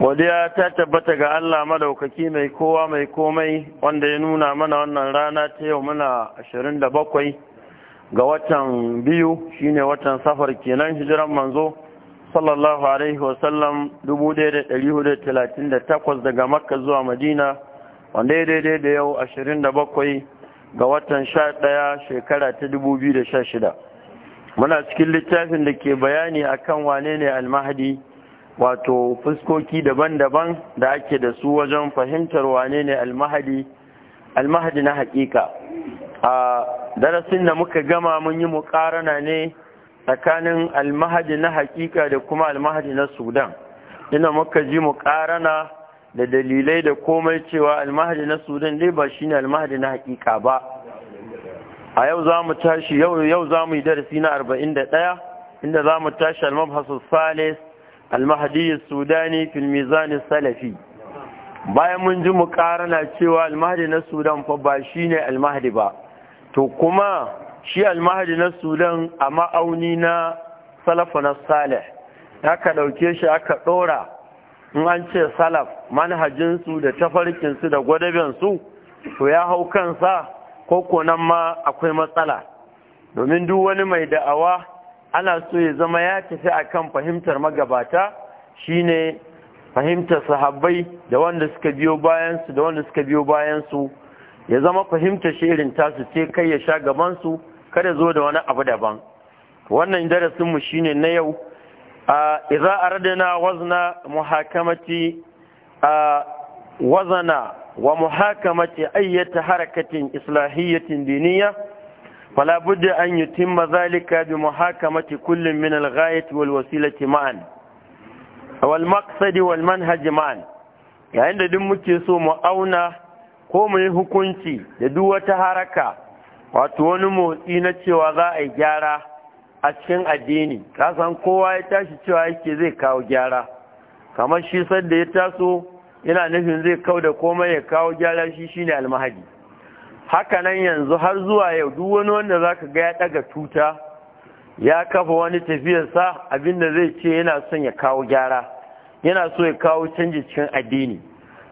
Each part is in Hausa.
godiya ta tabbata ga Allah madaukaki mai kowa mai komai wanda ya nuna mana wannan rana ta yau muna 27 ga watan biyu shine watan safar kenan hijiran manzo sallallahu alaihi wasallam 1438 daga makka zuwa madina wanda ya daidai da yau 27 ga watan 11 shekara ta 2016 muna cikin littafin da ke bayani akan wane ne almahadi wato fuskoki daban-daban da ake da su wajen fahimtar wane ne almahadi almahadi na hakika a darasin da muka gama mun yi mukarana ne tsakanin almahadi na hakika da kuma almahadi na sudan ina muka ji mukarana da dalilai da komai cewa almahadi na sudan dai ba shine almahadi na hakika ba a yau za mu tashi yau za mu yi darasi na 41 inda za mu tashi almabhasu salis al-mahdi as-sudani fil mizan salafi bayan mun ji mu na cewa almahadi na sudan fa ba shine almahadi ba to kuma shi almahadi na sudan a ma'auni na salafu na salih aka dauke shi aka ɗora in an ce salaf manhajinsu da tafarkinsu da gwadabensu to ya hau kansa ko konan ma akwai matsala domin duk wani mai da'awa ana so ya zama ya tafi a kan fahimtar magabata shine fahimtar sahabbai da wanda suka biyo bayansu da wanda suka biyo bayansu ya zama fahimtar shirin tasu ce kai ya sha gabansu kada zo da wani abu daban wannan darasinmu shine na yau a idza aradna wazna muhakamati a wazana wa muhakamati ayyata harakatin islahiyyatin diniya فلا بد أن يتم ذلك بمحاكمة كل من الغاية والوسيلة معا wal manhaji ma'an. yayin da duk muke so mu auna ko mu hukunci da duk wata haraka wato wani motsi na cewa za a yi gyara a cikin addini kasan kowa ya tashi cewa yake zai kawo gyara kamar shi sadda ya taso yana nufin zai kau da komai ya kawo gyara shi shine almahadi haka nan yanzu har zuwa yau duk wani wanda za ka ga ya ɗaga tuta ya kafa wani tafiyarsa abinda zai ce yana son ya kawo gyara yana so ya kawo canji cikin addini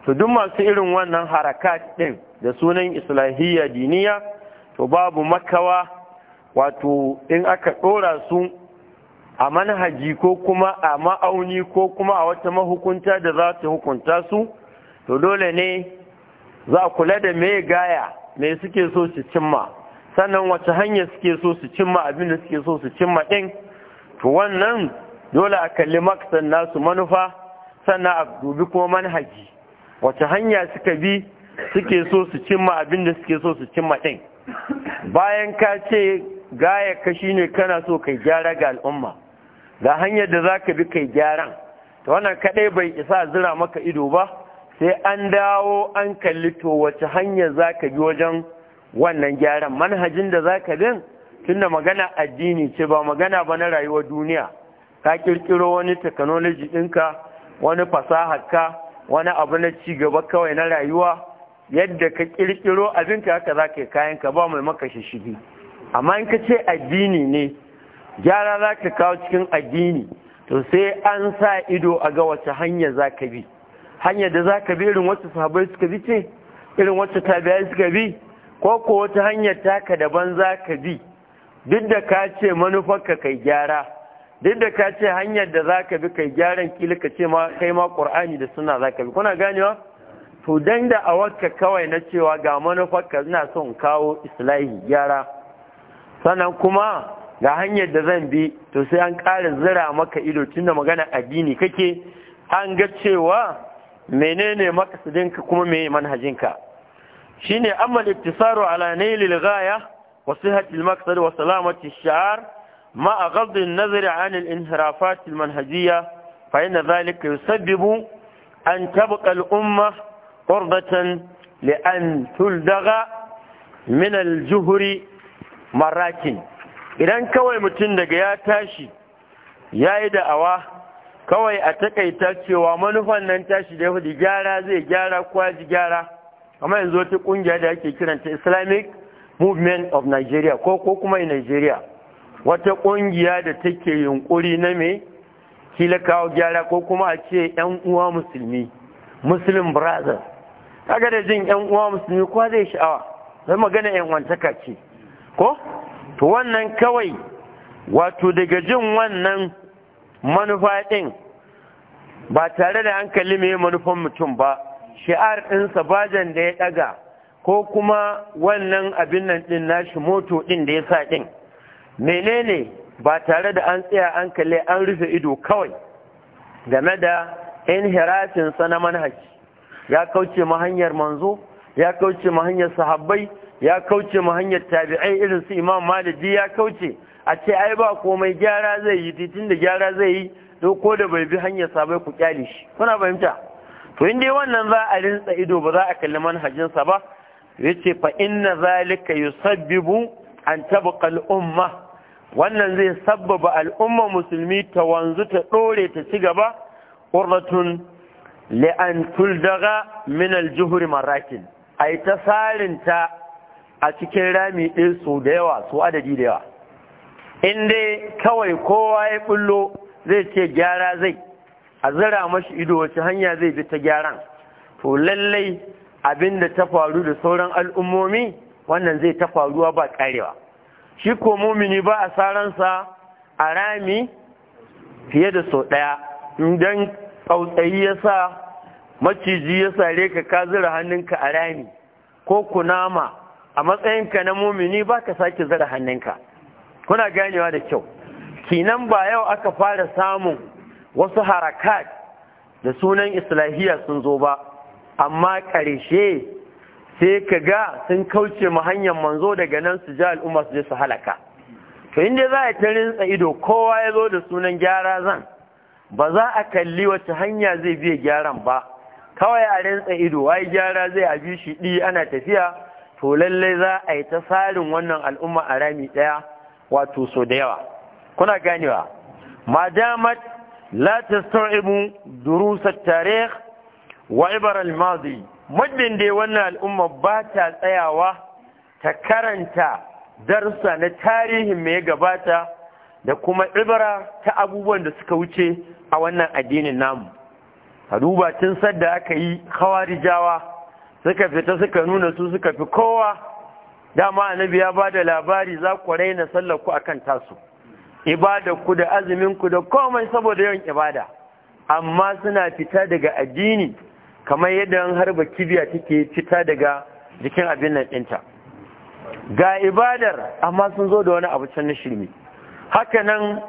to duk masu irin wannan harakat ɗin da sunan islahiyya diniya to babu makawa wato in aka ɗora su a manhaji ko kuma a ma'auni ko kuma a wata mahukunta da za ta hukunta su to dole ne za a kula da me gaya me suke so su cimma sannan wace hanya suke so su cimma abin da suke so su cimma ɗin to wannan dole a kalli maksan nasu manufa sannan a dubi kuma manhaji wace hanya suka bi suke so su cimma abin da suke so su cimma ɗin bayan ka ce gaya ka shine kana so kai gyara ga al'umma ga hanyar da za ka bi kai gyaran to wannan kaɗai bai isa zira maka ido ba sai an dawo an kalli to wace hanya za ka bi wajen wannan gyaran manhajin da za ka bin tunda magana addini ce ba magana ba na rayuwar duniya ka kirkiro wani technology ɗinka wani fasaharka wani abu na ci gaba kawai na rayuwa yadda ka kirkiro abinka haka za ka yi kayan ka ba mai maka shishigi amma in ka ce addini ne gyara za ka kawo cikin addini to sai an sa ido a ga wace hanya za ka bi hanyar da za ka bi irin wasu sahabai suka bi ce irin wasu tabiya suka bi ko ko wata hanyar taka daban za ka bi duk da ka ce manufarka kai gyara duk da ka ce hanyar da za ka bi kai gyaran kila ka ce ma kai ma da suna za ka bi kuna ganewa to dan da awarka kawai na cewa ga manufarka ina son kawo islahi gyara sannan kuma ga hanyar da zan bi to sai an ƙara zira maka ido tun da magana addini kake an ga cewa menene maqsadinka kuma mai manhajinka shine amma al-iktisaru ala nailil ghaya wa sihhatil maqsad wa salamati shiar ma'a ghaddi an-nazari 'an al-inhirafat al-manhajiyya fa inna dhalika yusabbibu an tabqa al-umma qurdatan an tuldagha min al-juhri marakin idan kawai mutum daga ya tashi yayi da'awa kawai a takaita cewa manufan nan tashi da yahudi gyara zai gyara kwaji gyara amma yanzu wata kungiya da ake kiranta islamic movement of nigeria ko ko kuma in nigeria wata kungiya da take yunkuri na me kila kawo gyara ko kuma a ce yan uwa musulmi muslim brothers kaga da jin yan uwa musulmi kowa zai sha'awa zai magana yan wantaka ce ko to wannan kawai wato daga jin wannan manufa ɗin ba tare da hankali mai manufan mutum ba shi'ar ɗinsa bajan da ya ɗaga ko kuma wannan abin nan ɗin nashi moto ɗin da ya sa ɗin menene ba tare da an tsaya an an rufe ido kawai game da inhirafinsa na manhaji ya kauce ma hanyar manzo ya kauce ma hanyar sahabbai ya kauce ma hanyar tabi'ai irin su imam maliki ya kauce a ce ai ba komai gyara zai yi titin da gyara zai yi to ko da bai bi hanyar sabai ku kyale shi kuna fahimta to in dai wannan za a rinsa ido ba za a kalli manhajin sa ba yace fa inna zalika yusabbibu an tabqa al-umma wannan zai sabbaba umma musulmi ta wanzu ta dore ta ci gaba qurratun li an tuldaga min al-juhri marakin ai ta sarinta a cikin rami ɗin su da yawa su adadi da yawa in dai kawai kowa ya bullo zai ce gyara zai a zira mashi ido wace hanya zai bi ta gyaran to lallai abin da ta faru da sauran al'ummomi wannan zai ta faruwa ba karewa shi ko mumini ba a saransa a rami fiye da sau ɗaya idan tsautsayi ya sa maciji ya sare ka ka zira hannunka a rami ko kunama a matsayinka na mumini ba ka sake zira hannunka kuna ganewa da kyau kinan ba yau aka fara samun wasu harakat da sunan islahiyya sun zo ba amma ƙarshe sai ka ga sun kauce mu hanyar manzo daga nan su ja al'umma su je su halaka to inda za a ta rinsa ido kowa ya zo da sunan gyara zan ba za a kalli wata hanya zai biya gyaran ba kawai a rinsa ido wai gyara zai abi shi ɗi ana tafiya to lallai za a yi ta sarin wannan al'umma a rami ɗaya wato so da yawa kuna ganewa ma damat la tasta'ibu durus tarikh wa ibar al-madi muddin dai wannan al'umma ba ta tsayawa ta karanta darsa na tarihin mai gabata da kuma ibara ta abubuwan da suka wuce a wannan addinin namu a duba tun sadda aka yi khawarijawa suka fita suka nuna su suka fi kowa dama annabi ya bada labari za ku raina sallar ku akan tasu ibada ku da azumin ku da komai saboda yawan ibada amma suna fita daga addini kamar yadda an harba kibiya take fita daga jikin abin nan ɗinta ga ibadar amma sun zo da wani abu can na shirme haka nan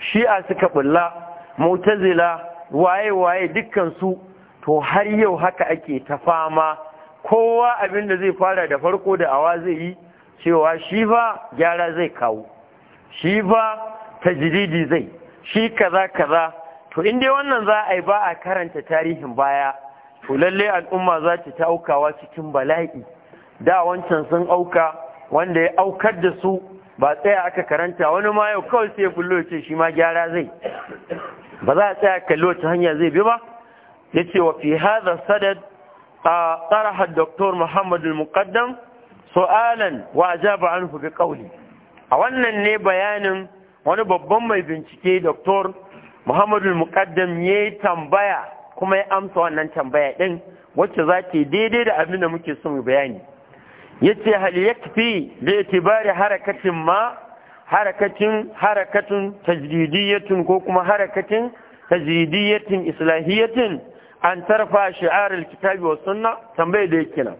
shi'a suka bulla mutazila waye waye dukkan su to har yau haka ake ta fama kowa abin da zai fara da farko da awa zai yi cewa shi ba gyara zai kawo shi ba ta jiridi zai shi kaza kaza to in dai wannan za a yi ba a karanta tarihin baya to lallai al'umma za ta ta aukawa cikin bala'i da wancan sun auka wanda ya aukar da su ba tsaya aka karanta wani ma yau kawai sai bullo ce shi ma gyara zai ba za a tsaya kallo ta hanya zai bi ba yace wa fi hadha sadad طرح الدكتور محمد المقدم سؤالا وأجاب عنه A wannan ne bayanin wani babban mai bincike doktor muhammadu muqaddam ya yi tambaya kuma ya amsa wannan tambaya ɗin wacce za ta daidai da abin da muke so mu bayani ya ce hal yakfi da itibari harakacin ma harakacin harakacin tajdidiyatin ko kuma harakacin tajdidiyatin islahiyatin an tarfa shi'arul kitabi wa sunna tambaye da yake nan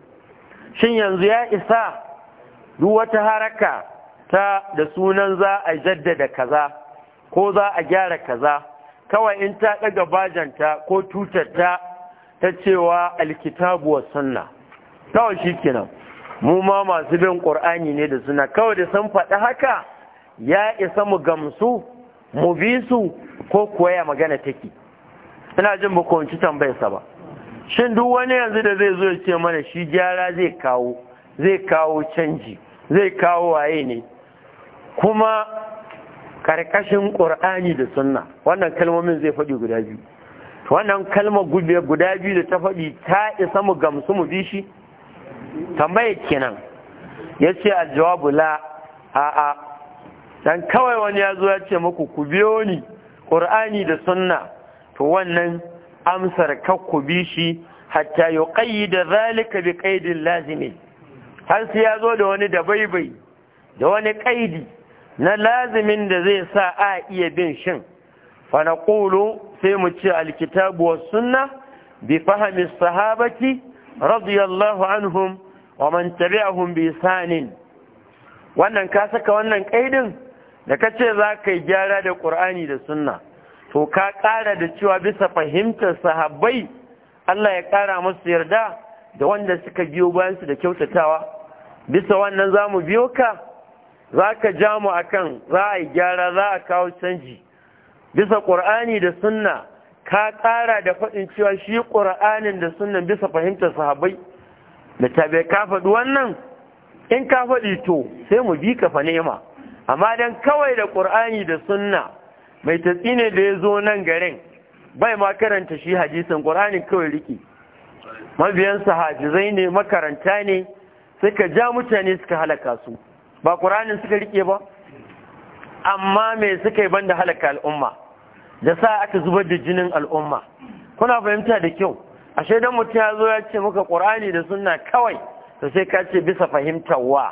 shin yanzu ya isa duk wata haraka ta da sunan za a jaddada kaza ko za a gyara kaza kawai in ta daga bajanta ko tutarta ta cewa alkitabu wa sunna kawai kenan mu ma masu bin qur'ani ne da suna kawai da sun faɗi haka ya isa mu gamsu mu bi su ko kuwa ya magana take ina jin ba kwanci tambayarsa ba shin duk wani yanzu da zai zo ya ce mana shi gyara zai kawo zai kawo canji zai kawo waye ne kuma karkashin ƙur'ani da sunna wannan kalmomin zai faɗi guda biyu to wannan kalma guda biyu da ta faɗi ta isa mu gamsu mu bi shi tambaye kenan ya ce a jawabu la a'a dan kawai wani ya zo ya ce muku ku biyo ni ƙur'ani da sunna to wannan amsar ku bi shi hatta yi ƙayi da zalika bi ƙaidin lazimi har sai ya zo da wani dabaibai da wani ƙaidi na lazimin da zai sa a iya bin shin fa sai mu ce alkitabu wa sunna bi fahimi sahabati radiyallahu anhum wa man tabi'ahum bi ihsanin wannan ka saka wannan ƙaidin da kace za ka yi gyara da Ƙur'ani da sunna to ka ƙara da cewa bisa fahimtar sahabbai Allah ya ƙara musu yarda da wanda suka biyo bayansu da kyautatawa bisa wannan za mu biyo ka za ka ja mu akan kan za a yi gyara za a kawo canji bisa ƙur'ani da sunna ka ƙara da faɗin cewa shi ƙur'anin da sunnan bisa fahimtar sahabbai da tabe ka faɗi wannan in ka faɗi to sai mu bi ka fa nema amma dan kawai da ƙur'ani da sunna mai tatsi ne da ya zo nan garin bai ma karanta shi hadisin ƙur'ani kawai riki mabiyan hajizai ne makaranta ne suka ja mutane suka halaka su ba ƙur'anin suka rike ba amma mai suka yi banda halaka al'umma da sa aka zubar da jinin al'umma kuna fahimta da kyau ashe dan mutum ya zo ya ce muka ƙur'ani da suna kawai ta sai ka ce bisa fahimtar wa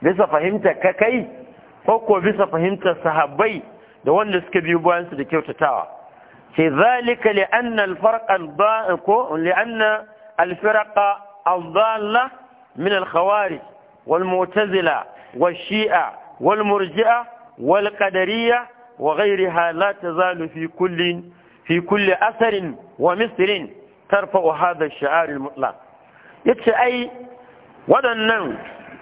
bisa fahimtar kakai kai ko ko bisa fahimtar sahabbai da wanda suka biyo bayansu da kyautatawa sai zalika li al farq al ko li al firaq al dalla min al khawarij wal mu'tazila wa shi'a wal murji'a wal qadariyya wa ghayriha la tazalu fi kulli fi kulli asarin wa misrin tarfa'u hadha al shi'ar al mutlaq yace ai waɗannan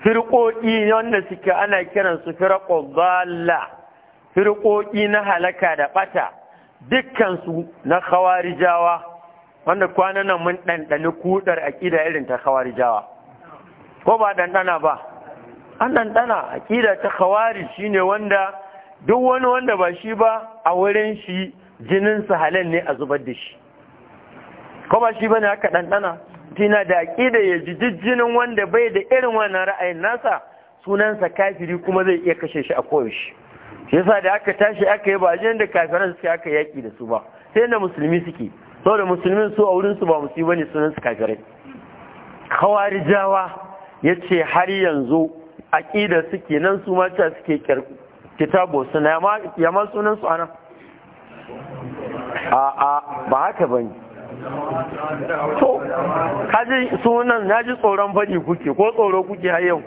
firƙoƙi wanda suke ana kiransu firƙo dalla firƙoƙi na halaka da ɓata dukkansu na khawarijawa wanda kwanan nan mun ɗanɗani kuɗar aƙida irin ta khawarijawa ko ba ɗanɗana ba an ɗanɗana aƙida ta khawari ne wanda duk wani wanda ba shi ba a wurin shi jininsa halal ne a zubar da shi ko ba shi ba ne aka ɗanɗana tina da aƙida ya ji jijjinin wanda bai da irin wannan ra'ayin nasa sunansa kafiri kuma zai iya kashe shi a koyaushe shi yasa da aka tashi aka yi ba ajiyar da kafiran suke aka yaƙi da su ba sai na musulmi suke saboda musulmin su a wurinsu ba musulmi bane sunan su kafirai Jawa ya ce har yanzu aƙida suke nan su mata suke kitabo su na yama sunan su ana a a ba haka ba ne to kaji sunan na ji tsoron faɗi kuke ko tsoro kuke har yau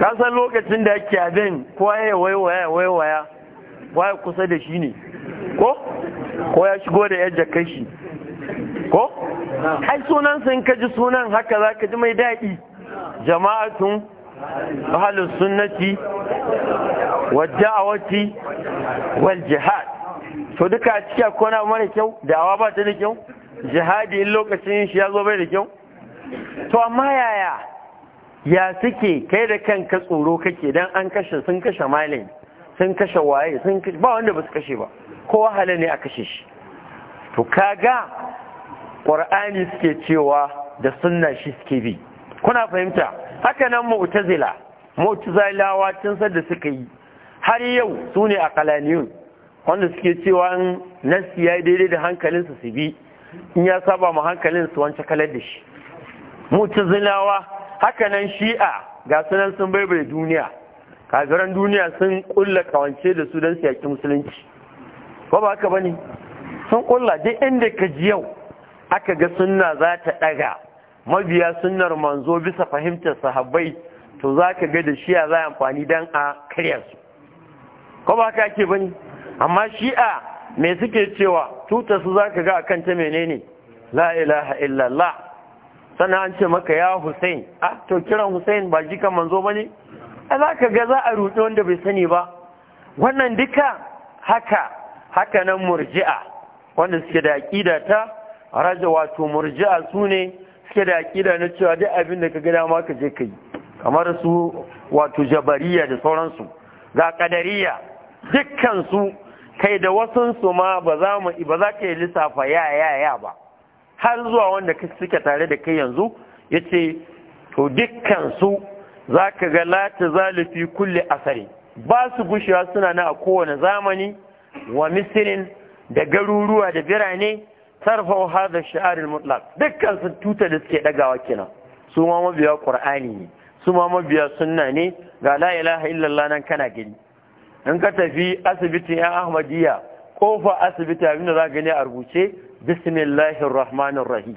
ka san lokacin da yake abin kowa ya waiwaya waiwaya waya kusa da shi ne ko ko ya shigo da yadda kai shi ko ai sunan sun ka sunan haka za ka ji mai daɗi jama'atun ahalus sunnati wa da'awati wal jihad to duka a cikin kona mara kyau da'awa ba ta da kyau jihadi in lokacin shi ya zo bai da kyau to amma yaya ya suke kai da kanka tsoro kake dan an kashe sun kashe malin sun kashe waye sun kashe ba wanda ba su kashe ba kowa hala ne a kashe shi to kaga qur'ani suke cewa da sunna shi suke bi kuna fahimta haka nan mu'tazila mu'tazilawa tun da suka yi har yau su ne aqlaniyun wanda suke cewa nasi ya daidai da hankalinsu su bi in ya saba ma hankalin su kalar da shi mu'tazilawa hakanan shi'a ga sunan sun baibaye duniya kafiran duniya sun kulla kawance da su don su musulunci ba ba haka ne sun kulla duk inda ka ji yau aka ga sunna za ta ɗaga mabiya sunnar manzo bisa fahimtar sahabbai to za ka ga da shi'a za amfani don a karyar su ko ba haka ake ne amma shi'a me suke cewa tutar su za ka ga a ta menene la ilaha illallah sannan an ce maka ya Hussein a ah, to kiran Hussein ba jikan manzo bane ai ka ga za a ruɗe wanda bai sani ba wannan duka haka haka nan murji'a wanda suke da aqida ta raja wato murji'a sune suke da aqida na cewa duk abin da ka ga dama ka je kai kamar su wato jabariya da sauransu ga kadariya dukkan su kai da su ma ba za mu ba za ka yi lissafa ya ya ya ba har zuwa wanda ka suke tare da kai yanzu ya ce to dukkansu za ka ga lata zalifi kulle asari ba su gushewa suna na a kowane zamani wa misirin da garuruwa da birane sarfa hada sha'arar mutlaq dukkansu tuta da suke dagawa kenan su ma mabiya qur'ani ne su ma mabiya sunna ne ga la ilaha illallah nan kana gani in ka tafi asibitin yan ahmadiyya kofa asibiti abinda za gani a rubuce bismillahir rahmanir rahi.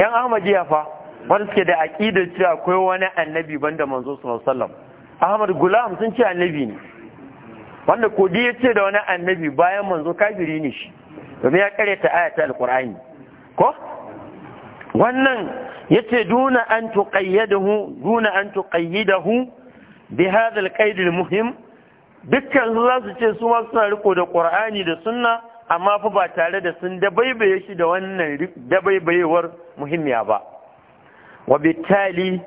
yan ahmadiyya fa wanda suke da aqidar cewa akwai wani annabi banda manzo sallallahu alaihi wasallam ahmad gulam sun ce annabi ne wanda kodi ya ce da wani annabi bayan manzo kafiri ne shi domin ya ta ayata alqur'ani ko wannan yace duna an tuqayyadahu duna an tuqayyidahu bi hadha alqaid almuhim dukkan su za su ce su ma suna riko da qur'ani da sunna amma fa ba tare da sun dabaibaye shi da wannan dabaibayewar muhimmiya ba wa bitali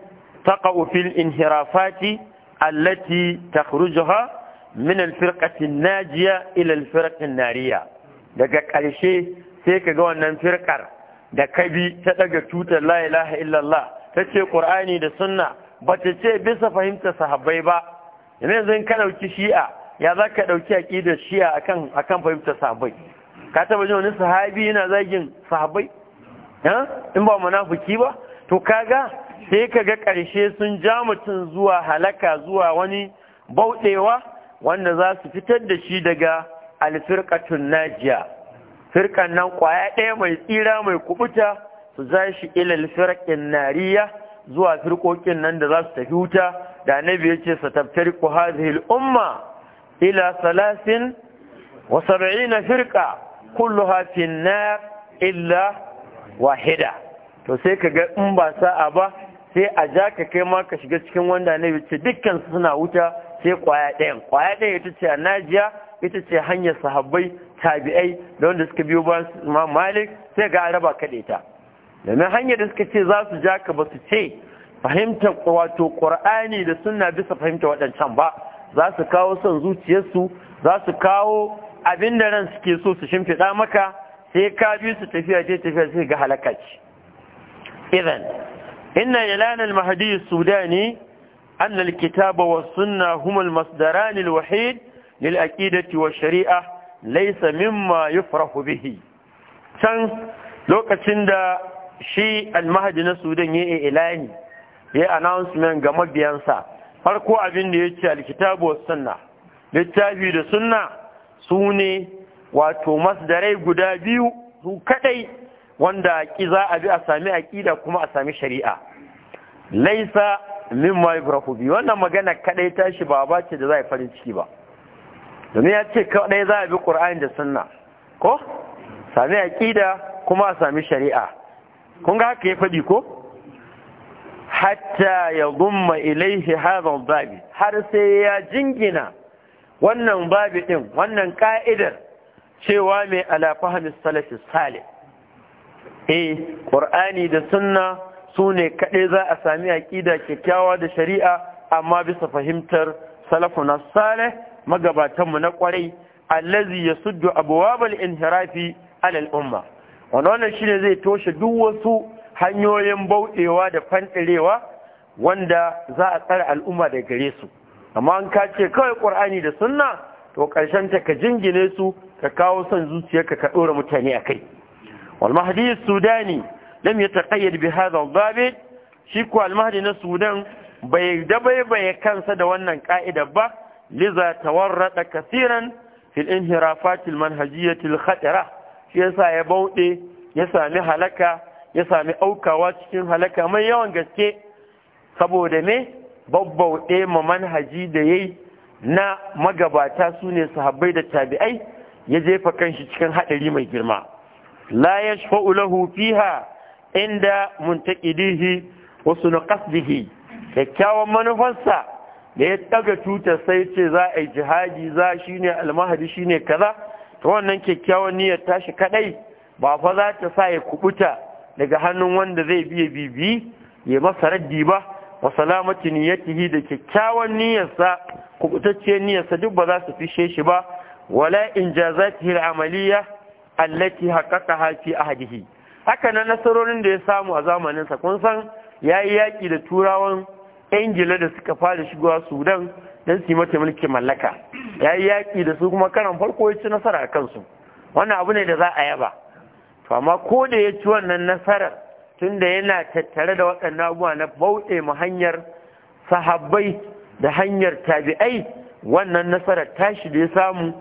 taqa'u fil inhirafati allati takhrujuha min al-firqati najiya ila al nariya daga ƙarshe sai ka ga wannan firƙar. da kabi ta ɗaga tutar la ilaha illallah tace ƙur'ani da sunna ta ce bisa fahimta sahabbai ba yanzu in ka dauki shi'a ya za ka ɗauki aƙidar shiya akan akan fahimtar sahabai? ka taba jin wani sahabi yana zagin sahabai? in ba munafiki ba to kaga sai ka ga ƙarshe sun ja mutum zuwa halaka zuwa wani bauɗewa wanda za su fitar da shi daga alfirƙatun najiya firƙan nan ƙwaya ɗaya mai tsira mai kubuta su za shi ilal firƙin nariya zuwa firƙoƙin nan da za su tafi wuta da annabi ya ce sa tabtari ku umma ila salasin wa na firka kulluha fi nar illa wahida to sai ka ga in basa'a ba sai a ja ka kai ma ka shiga cikin wanda ne ce dukkansu suna wuta sai kwaya ɗayan kwaya ɗayan ita ce najiya ita ce hanyar sahabbai tabi'ai da wanda suka biyo bayan ma malik sai ga araba kaɗai ta domin hanyar da suka ce za su ja ka ba su ce fahimtar wato ƙur'ani da sunna bisa fahimta waɗancan ba za su kawo son zuciyarsu za su kawo abin da ran suke so su shimfiɗa maka sai ka bi su tafiya ce tafiya sai ga halaka ce idan inna ilan al-mahdi sudani anna al-kitaba wa sunna huma al-masdaran al-wahid lil aqidati wa shari'a laysa mimma yufrahu bihi can lokacin da shi al-mahdi na sudan ya ilahi ya announcement ga mabiyansa farko abin da ya ce alkitabu wa sunna littafi da sunna su ne wato masdarai guda biyu su kadai wanda ki za a bi a sami aƙida kuma a sami shari'a laisa mimma yafrahu bi wannan magana kadai tashi ba ba ce da za a farin ciki ba domin ya ce kadai za a bi qur'ani da sunna ko sami aƙida kuma a sami shari'a kun ga haka ya faɗi ko hatta ya gumma ilaihi hadha babi har sai ya jingina wannan babi ɗin wannan ka'idar cewa mai ala salafi eh Ƙur'ani da sunna sune kaɗai za a sami aƙida kyakkyawa da shari'a amma bisa fahimtar salafuna salih magabatanmu na ƙwarai allazi yasuddu abwabal inhirafi alal al'umma wannan shine zai toshe duk wasu hanyoyin bauɗewa da fanɗirewa wanda za a tsare al'umma da gare su amma an ka ce kawai ƙur'ani da sunna to ƙarshen ta ka jingine su ka kawo son zuciyarka ka ɗora mutane a kai wal mahdi sudani lam yataqayyad bi hadha al shi ko al mahdi na sudan bai dabaibaye kansa da wannan ka'ida ba liza tawarrada kasiran fil inhirafat al manhajiyyah al khatira shi yasa ya bauɗe ya sami halaka ya sami aukawa cikin halaka mai yawan gaske saboda me babbaude ma manhaji da yayi na magabata su ne sahabbai da tabi'ai ya jefa kanshi cikin haɗari mai girma la yashfa'u lahu fiha inda muntaqidihi wa sunqasdihi kyakkyawan manufarsa da ya ɗaga tutar sai ce za a yi jihadi za ne almahadi ne kaza ta wannan kyakkyawan niyyar tashi kaɗai? ba fa za ta sa ya kubuta daga hannun wanda zai biya bibi ya masa raddi ba wa salamati niyyatihi da kyakkyawan niyyarsa kubutacciyar niyyarsa duk ba za su fishe shi ba wala injazatihi al-amaliyya allati haqqaqaha fi ahdihi haka nan nasarorin da ya samu a zamanin sa kun san yayi yaki da turawan ingila da suka fara shigowa sudan dan su yi mata mulkin mallaka yayi yaki da su kuma karan farko ya ci nasara a kansu wannan abu ne da za a yaba to amma ko da ya ci wannan nasarar tunda yana tattare da waɗannan abubuwa na bauɗe mu hanyar sahabbai da hanyar tabi'ai wannan nasarar tashi da ya samu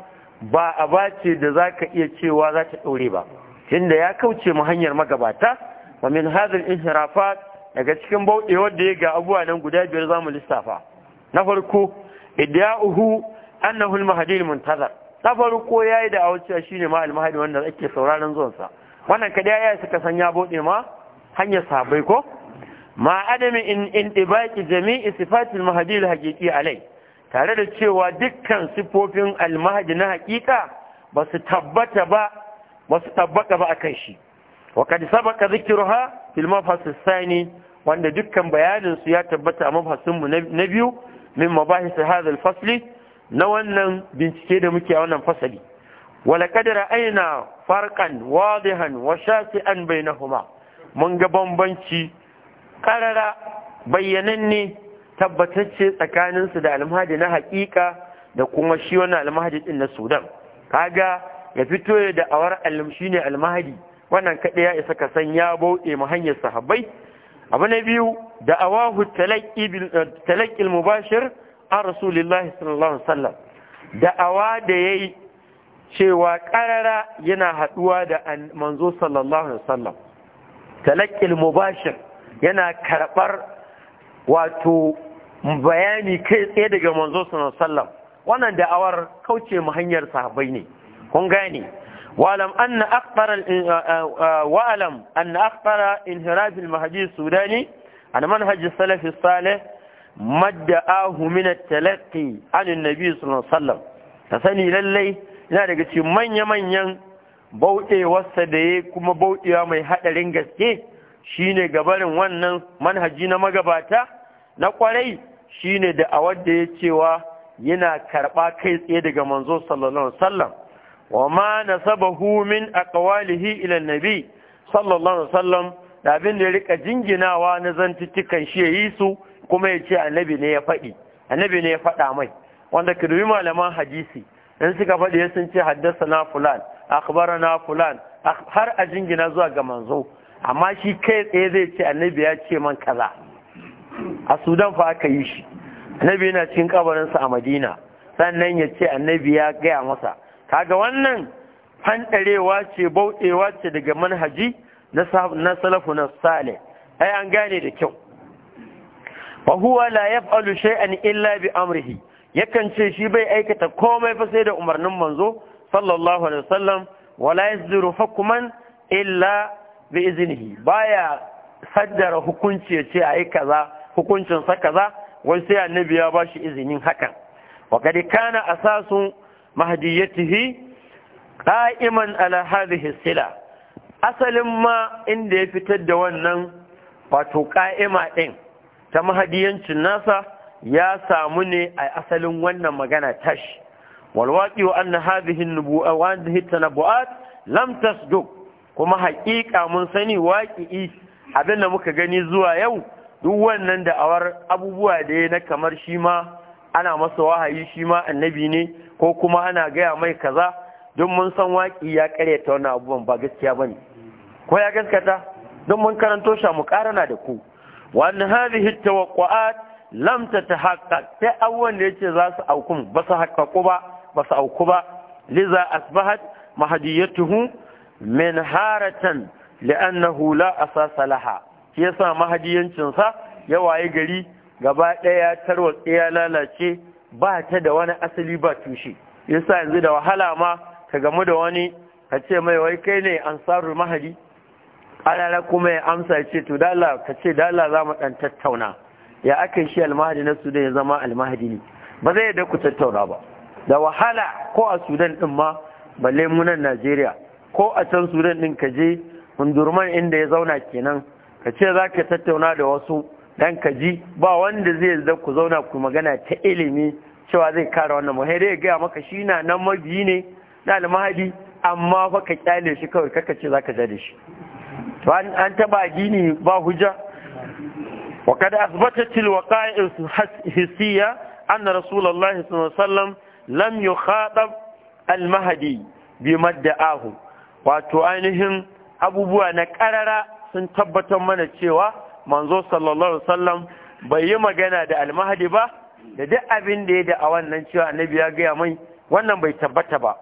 ba a bace da za ka iya cewa za ta ɗore ba tunda ya kauce mu hanyar magabata wa min hadhal inhirafat daga cikin bauɗewar da ya ga abubuwa nan guda biyar za mu lissafa na farko idya'uhu annahu al-mahdi al-muntazar na farko yi da awaciya shine ma al-mahdi wanda ake sauraron zuwansa wannan kada ya suka san ya bude ma hanyar sahabbai ko ma adami in intibaqi jami'i sifatil mahdi al haqiqi alai tare da cewa dukkan sifofin al mahdi na haqiqa ba su tabbata ba ba su tabbata ba akan shi wa kad sabaqa dhikruha fil mafhas thani wanda dukkan bayanin su ya tabbata a mafhasin mu na biyu min mabahis hadha al fasli na wannan bincike da muke a wannan fasali walaqad aina farqan wadihan wa shafi'an bainahuma mun ga bambanci karara bayyananne tabbatacce tsakaninsu da almahadi na haƙiƙa da kuma shi wannan almahadi din na Sudan kaga ya fito da da'awar alim shine almahadi wannan kaɗai ya isa ka san ya bauɗe mu hanyar sahabbai abu na biyu da awahu mubashir an rasulillahi sallallahu alaihi wasallam da'awa da yayi cewa ƙarara yana haɗuwa da manzo sallallahu alaihi wasallam talaqqil mubashir yana karɓar wato bayani kai tsaye daga manzo sallallahu alaihi wasallam wannan da'awar kauce mu hanyar sahabbai ne kun gane wa'alam anna akhbara eh, eh, eh, wa'alam anna akhbara inhiraj al-mahdi sudani an manhaj salaf salih madda'ahu min at-talaqqi an an-nabi sallallahu alaihi wasallam sani lallai yana daga cikin manya-manyan bauɗewarsa da ya kuma bauɗewa mai haɗarin gaske shi ne gabarin wannan manhaji na magabata na kwarai ne da a wadda ya cewa yana karɓa kai tsaye daga manzo sallallahu alaihi wa ma humin a aqwalihi ilan nabi sallallahu alaihi da abin da ya rika jinginawa na zantuttukan shi ya yi su kuma ya ce annabi ne ya faɗi faɗa mai wanda ka dubi malaman hadisi in suka faɗi ya sun ce haddasa na fulan akbara na fulan har a jingina zuwa ga manzo amma shi kai tsaye zai ce annabi ya ce man kaza a sudan fa aka yi shi annabi yana cikin kabarinsa a madina sannan ya ce annabi ya gaya masa kaga wannan fanɗarewa ce bauɗewa ce daga manhaji na salafu na sale ai an gane da kyau wa huwa la yaf'alu shay'an illa bi amrihi yakan ce shi bai aikata komai fa sai da umarnin manzo sallallahu alaihi wasallam wala yasdiru hukman illa bi iznihi baya saddara hukunci ya ce ai kaza hukuncin sa kaza wai sai annabi ya bashi izinin hakan wa kad kana asasu mahdiyatihi qa'iman ala hadhihi sila asalin ma inda ya fitar da wannan wato ka'ima din ta mahadiyancin nasa ya samu ne a asalin wannan magana tashi walwaki wa anna hadhihi nubu'a wa hadhihi tanabbu'at lam tasduq kuma haƙiƙa mun sani waƙi'i abin da muka gani zuwa yau duk wannan da awar abubuwa da ya na kamar shi ma ana masa wahayi shi ma annabi ne ko kuma ana gaya mai kaza don mun san waƙi ya ta wannan abubuwan ba gaskiya bane? ne ko ya gaskata don mun karanto shi mu karana da ku wa anna hadhihi tawaqqa'at lam ta haƙa sai abubuwan da ce za su auku ba su haqqaqu ba ba su auku ba liza asbahat mahadiyatuhu min haratan li'annahu la asasa laha shi yasa mahadiyancin sa ya waye gari gaba daya tarwatse ya lalace ba ta da wani asali ba tushe yasa yanzu da wahala ma ka gamu da wani ka ce mai wai kai ne ansarul mahadi alala kuma ya amsa ya ce to da ka ce da za mu dan tattauna ya aka shi almahadi na sudan ya zama almahadi ne ba zai yadda ku tattauna ba da wahala ko a sudan din ma balle munan najeriya ko a can sudan din ka je hundurman inda ya zauna kenan ka ce za ka tattauna da wasu dan ka ji ba wanda zai yadda ku zauna ku magana ta ilimi cewa zai kara wannan muhairi ya gaya maka shi na nan mabiyi ne na almahadi amma fa ka kyale shi kawai kaka ce za ka ja da shi an taba gini ba hujja وقد أثبتت الوقائع الحسية أن رسول الله صلى الله عليه وسلم لم يخاطب المهدي بما ادعاه وتعينهم أبو بوانا كررا سنتبت من الشيوة منظور صلى الله عليه وسلم بيما جنا دا المهدي با da duk abin da ya da a wannan cewa annabi ya gaya mai wannan bai tabbata ba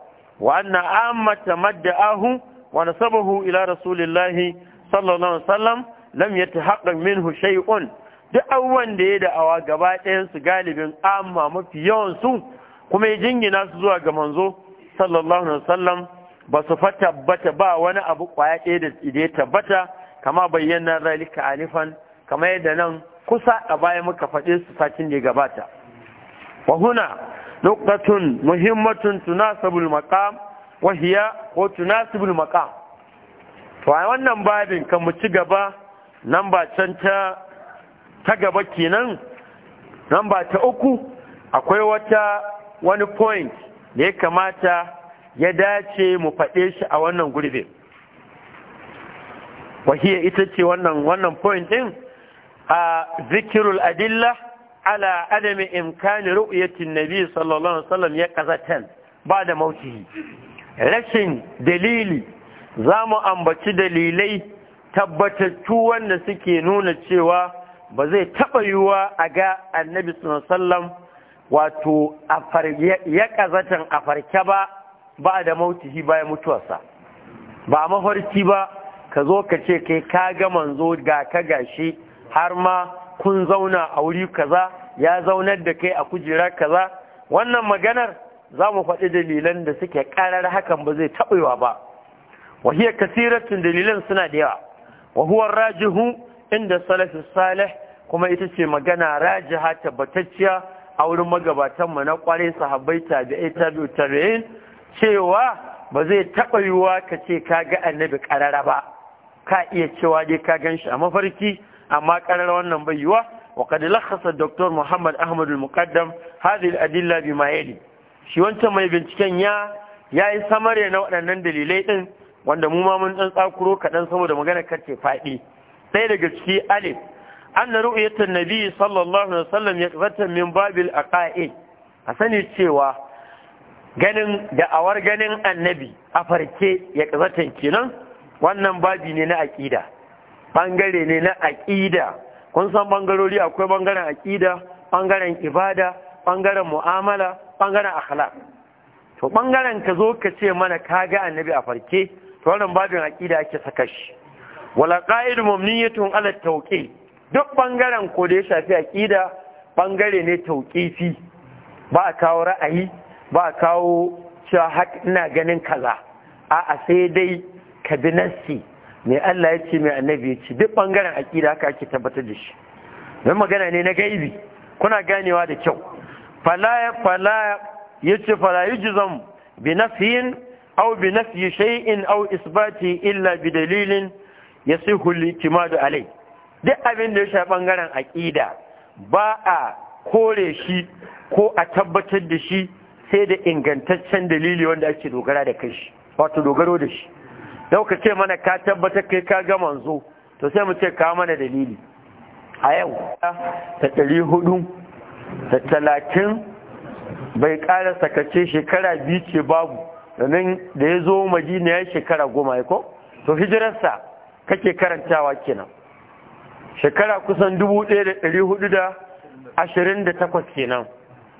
wa anna ammata madda'ahu wa nasabahu ila rasulillahi sallallahu alaihi wasallam lam yatahaqqaq min shay'un duk abubuwan da ya da'awa gaba ɗayansu galibin amma mafi yawan su kuma ya jingina su zuwa ga manzo sallallahu alaihi wasallam ba su fa tabbata ba wani abu kwaya ɗaya da ya tabbata kama bayyana zalika alifan kama yadda nan kusa a baya muka faɗe su satin da gabata wa huna nuqtatun muhimmatun tunasibul maqam wa hiya ko tunasibul maqam to a wannan babin kan mu ci gaba nan ba can ta gaba kenan nan ba ta uku akwai wata wani point da ya kamata ya dace mu faɗe shi a wannan gurbe wahiyar ita ce wannan wannan point ɗin a zikirul adilla ala adami imkani ru'yatin nabi sallallahu alaihi wasallam ya 10 ba da mautihi rashin dalili za mu ambaci dalilai tabbatattu wanda suke nuna cewa ba zai taɓa yiwuwa a ga annabi sallam wato ya ƙazatan a farke ba ba da mautihi bayan mutuwarsa ba a mafarki ba ka zo ka ce kai ka ga manzo ga ka gashi har ma kun zauna a wuri kaza ya zaunar da kai a kujera kaza wannan maganar za mu faɗi dalilan da suke ƙarar hakan ba zai taɓa taɓewa ba wahiyar kasiratun dalilan suna da yawa wa rajihu inda salafi salih kuma ita ce magana rajiha tabbatacciya a wurin magabatan mu na kwarai sahabbai tabi'ai tabi'u tabi'in cewa ba zai taɓa yiwuwa ka ce ka ga annabi karara ba ka iya cewa dai ka gan shi a mafarki amma karara wannan bai yiwuwa وقد muhammad ahmad al Muqaddam المقدم al adilla bima يلي shi wancan mai binciken ya ya yi na waɗannan dalilai ɗin wanda mu ma mun dan tsakuro kaɗan saboda magana kace faɗi sai daga ciki alif anna ru'yatan nabi sallallahu alaihi wasallam yaqzatan min babil aqaid a sani cewa ganin da awar ganin annabi a farke yaqzatan kenan wannan babi ne na aqida bangare ne na aqida kun san bangarori akwai bangaren aqida bangaren ibada bangaren mu'amala bangaren akhlaq to bangaren ka zo ka ce mana ka ga annabi a farke to wannan babin aqida ake saka shi wala qa'id mumniyatun ala tawqi duk bangaren ko da ya shafi aqida bangare ne tawqifi ba a kawo ra'ayi ba a kawo cewa hak ina ganin kaza a'a sai dai ka bi mai Allah ya ce mai annabi ya ce duk bangaren aƙida haka ake tabbatar da shi don magana ne na gaibi kuna ganewa da kyau fala fala yace fala yujzam bi nafhin aw bi nafyi shay'in aw isbati illa bi dalilin yasihu alai duk abin da ya shafi bangaren aƙida ba a kore shi ko a tabbatar da shi sai da ingantaccen dalili wanda ake dogara da kai shi wato dogaro da shi dauka ce mana ka tabbatar kai ka ga manzo to sai mu ce ka mana dalili a yau ta ɗari hudu da talatin bai ƙara sakace shekara biyu ce babu domin da ya zo madina ya shekara goma ya ko to hijirarsa kake karantawa kenan shekara kusan dubu ɗaya da ɗari hudu da ashirin da takwas kenan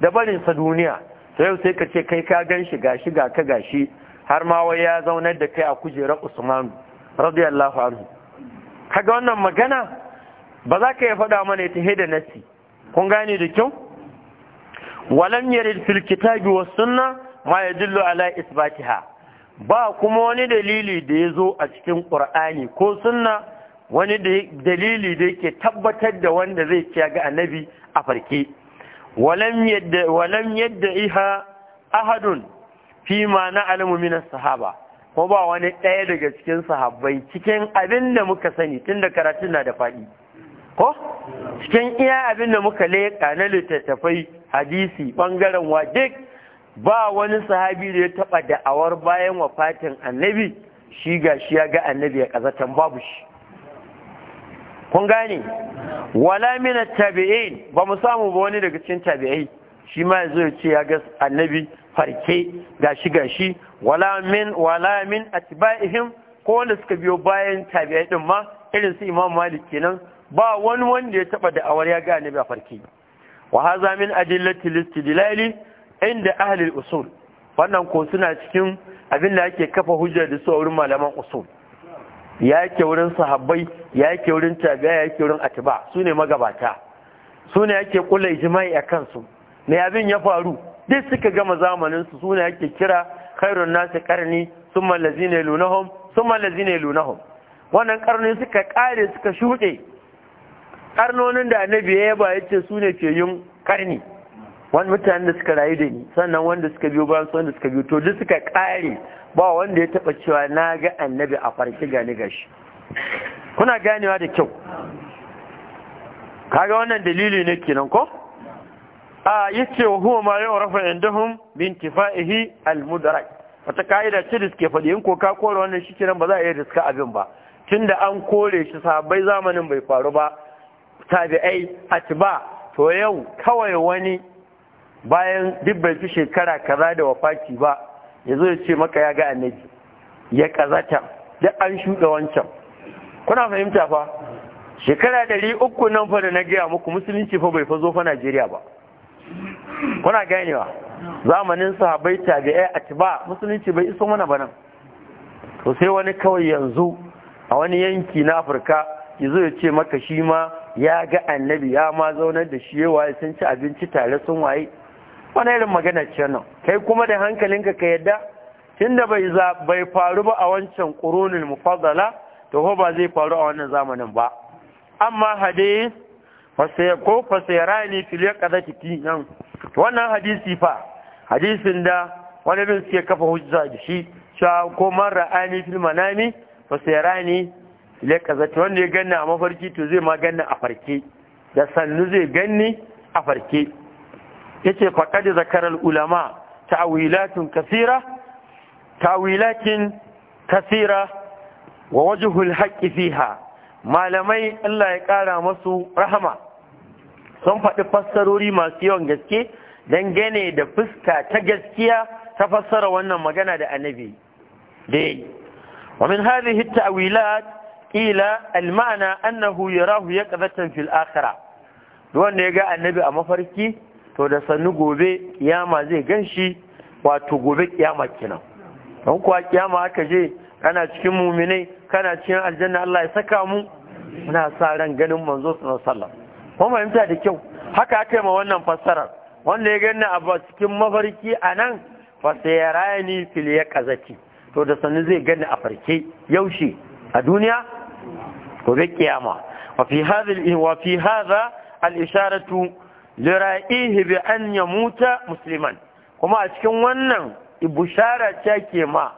da barinsa duniya to yau sai ka ce kai ka gan shi gashi ga ka gashi har ma wai ya zaunar da kai a kujerar usman radiyallahu anhu kaga wannan magana ba za ka yi faɗa mana ita heda nasi kun gane da kyau walam yarid fil kitabi was sunna ma dillo ala isbatiha ba kuma wani dalili da ya zo a cikin ƙur'ani ko sunna wani dalili da yake tabbatar da wanda zai ciya ga annabi a farke walam yadda iha ahadun fi ma na alamuminan sahaba ko ba wani ɗaya daga cikin sahabbai cikin abin da muka sani tunda karatu na da faɗi ko cikin iya abin da muka leƙa na littattafai hadisi ɓangaren wa ba wani sahabi da ya taba da'awar bayan wafatin annabi shi ga shi ya ga annabi ya kazatan babu shi kun gane wala min tabi'in ba mu samu ba wani daga cikin tabi'ai shi ma yazo ya ce ya ga annabi farke gashi gashi wala min wala min atba'ihim ko wanda suka biyo bayan tabi'ai din ma irin su Imam Malik kenan ba wani wanda ya taba da'awar ya ga annabi a farke wa hadha min adillati listidlali inda ahli usul wannan ko suna cikin abin da ake kafa hujja da su a wurin malaman usul ya yake wurin sahabbai ya yake wurin tabi'a ya yake wurin atiba su magabata su ne ake kula ijma'i a kansu ne abin ya faru duk suka gama zamanin su su ne ake kira khairun nasi karni summa allazina yalunahum summa allazina yalunahum wannan karni suka kare suka shuɗe karnonin da annabi ya yaba yace su ne yin karni wani mutanen da suka rayu da ni sannan wanda suka biyo bayan wanda suka biyo to duk suka kare ba wanda ya taba cewa na ga annabi a farki ni gashi kuna ganewa da kyau kaga wannan dalili ne kenan ko a yace wa huwa ma yu'rafu indahum bi intifa'ihi al-mudrak wata kaida ce da suke faɗi in ko ka kore wannan shi ba za a iya riska abin ba tunda an kore shi sabai zamanin bai faru ba tabi'ai atba to yau kawai wani bayan duk bai shekara kaza da wafaki ba ya zo ya ce maka ya ga annabi ya kazata da an shuɗa wancan kuna fahimta fa shekara ɗari uku nan fa da na gaya muku musulunci fa bai fa zo fa najeriya ba kuna ganewa zamanin sahabai tabi'ai atiba, musulunci bai iso mana ba nan to sai wani kawai yanzu a wani yanki na afirka zo ya ce maka shi ma ya ga annabi ya ma zaunar da shi yawa sun ci abinci tare sun waye wani irin magana ce nan kai kuma da hankalinka ka yadda tunda bai bai faru ba a wancan qurunul mufaddala to ho ba zai faru a wannan zamanin ba amma hadis fasaya ko fasayarani fil yaqadati nan wannan hadisi fa hadisin da wani bin suke kafa hujja da shi cha ko man ra'ani fil manami fasayarani fil yaqadati wanda ya ganna a mafarki to zai ma ganna a farke da sannu zai ganni a farke yace faqad zakara ulama ta'wilatun kathira ta'wilatin kathira wa wajhul haƙƙi fiha malamai Allah ya kara masu rahama sun faɗi fassarori masu yawan gaske dangane da fuska ta gaskiya ta fassara wannan magana da annabi da yayi wa min hadhihi at-ta'wilat ila, al-ma'na annahu yarahu yaqzatan fil akhirah wanda ya ga annabi a mafarki to da sannu gobe kiyama zai gan shi wato gobe kiyama kenan don kuwa kiyama aka je kana cikin muminai kana cikin aljanna Allah ya saka mu muna sa ran ganin manzo sallallahu kuma da kyau haka aka yi ma wannan fassarar wanda ya gani a cikin mafarki a nan fasa ya ni fil ya to da sannu zai gani a farke yaushe a duniya gobe kiyama wa fi hadha al isharatu lira'ihi bi an yamuta musliman kuma a cikin wannan ibushara ta ke ma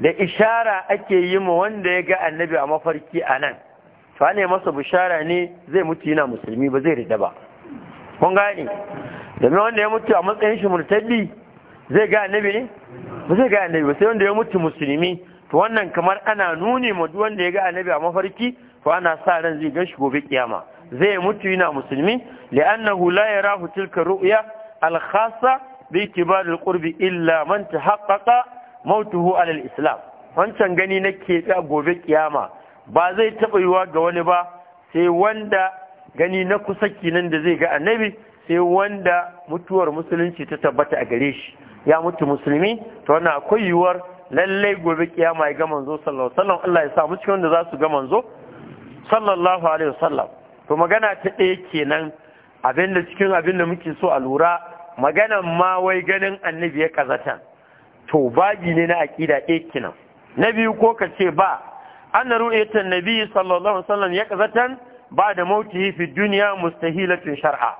da ishara ake yi ma wanda ya ga annabi a mafarki a nan fa ne masa bushara ne zai mutu yana musulmi ba zai rida ba kun gani domin wanda ya mutu a matsayin shi murtaddi zai ga annabi ne ba zai ga annabi ba sai wanda ya mutu musulmi to wannan kamar ana nuni ma duk wanda ya ga annabi a mafarki to ana sa ran zai gan shi gobe kiyama zai mutu yana musulmi li'annahu la yarahu tilka ru'ya al-khassa bi itibar al-qurbi illa man tahaqqaqa mautuhu ala al-islam wancan gani nake keɓe gobe kiyama ba zai taɓa yiwa ga wani ba sai wanda gani na kusa kinan da zai ga annabi sai wanda mutuwar musulunci ta tabbata a gare shi ya mutu musulmi to wannan akwai yiwuwar lallai gobe kiyama ya ga manzo sallallahu alaihi wasallam Allah ya sa mu cikin wanda za su ga manzo sallallahu alaihi wasallam to magana ta ɗaya kenan abin cikin abin da muke so a lura maganan ma wai ganin annabi ya kazata to babi ne na aƙida ɗaya kenan na biyu ko ka ce ba an na ru'ayatan nabi sallallahu alaihi wasallam ya kazata ba da mautihi fi duniya mustahilatun shar'a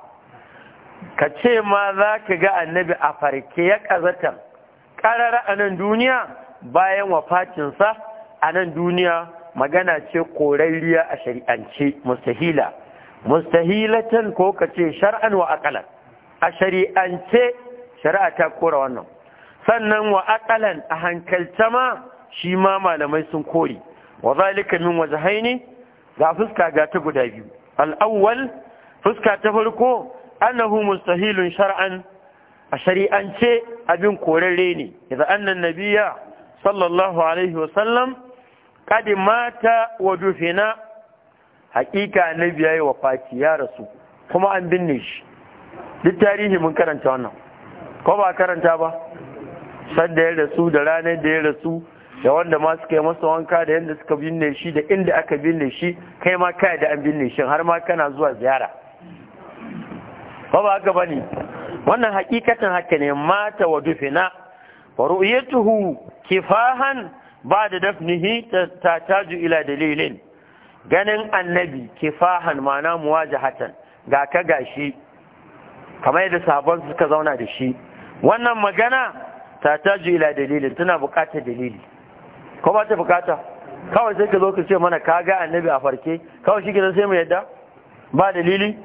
ka ce ma za ka ga annabi a farke ya kazata ƙarar a nan duniya bayan wafatinsa a nan duniya magana ce korariya a shari'ance mustahila mustahilatan ko kace shar'an wa aqalan a shari'ance shari'a ta kora wannan sannan wa aqalan a hankalta ma shi ma malamai sun kori wa zalika min wajhaini ga fuska ga ta guda biyu al-awwal fuska ta farko annahu mustahilun shar'an a shari'ance abin korarre ne idan annan nabiya sallallahu alaihi wa sallam kadi mata wa dufina hakika annabi yayi wafati ya rasu kuma an binne shi duk tarihi mun karanta wannan ko ba karanta ba sadda ya rasu da ranar da ya rasu da wanda ma suka yi masa wanka da yadda suka binne shi da inda aka binne shi kai ma kai da an binne shi har ma kana zuwa ziyara ba ba haka bane wannan hakikatan haka ne mata wa dufina wa ru'yatuhu kifahan ba da dafnihi ta taju ila dalilin ganin annabi kifahan mana muwajahatan ga ka gashi kamar yadda sabon suka zauna da shi wannan magana ta taju ila dalilin tana bukatar dalili ko ba ta bukata kawai sai ka zo ka ce mana ka ga annabi a farke kawai shi kenan sai mu yadda ba dalili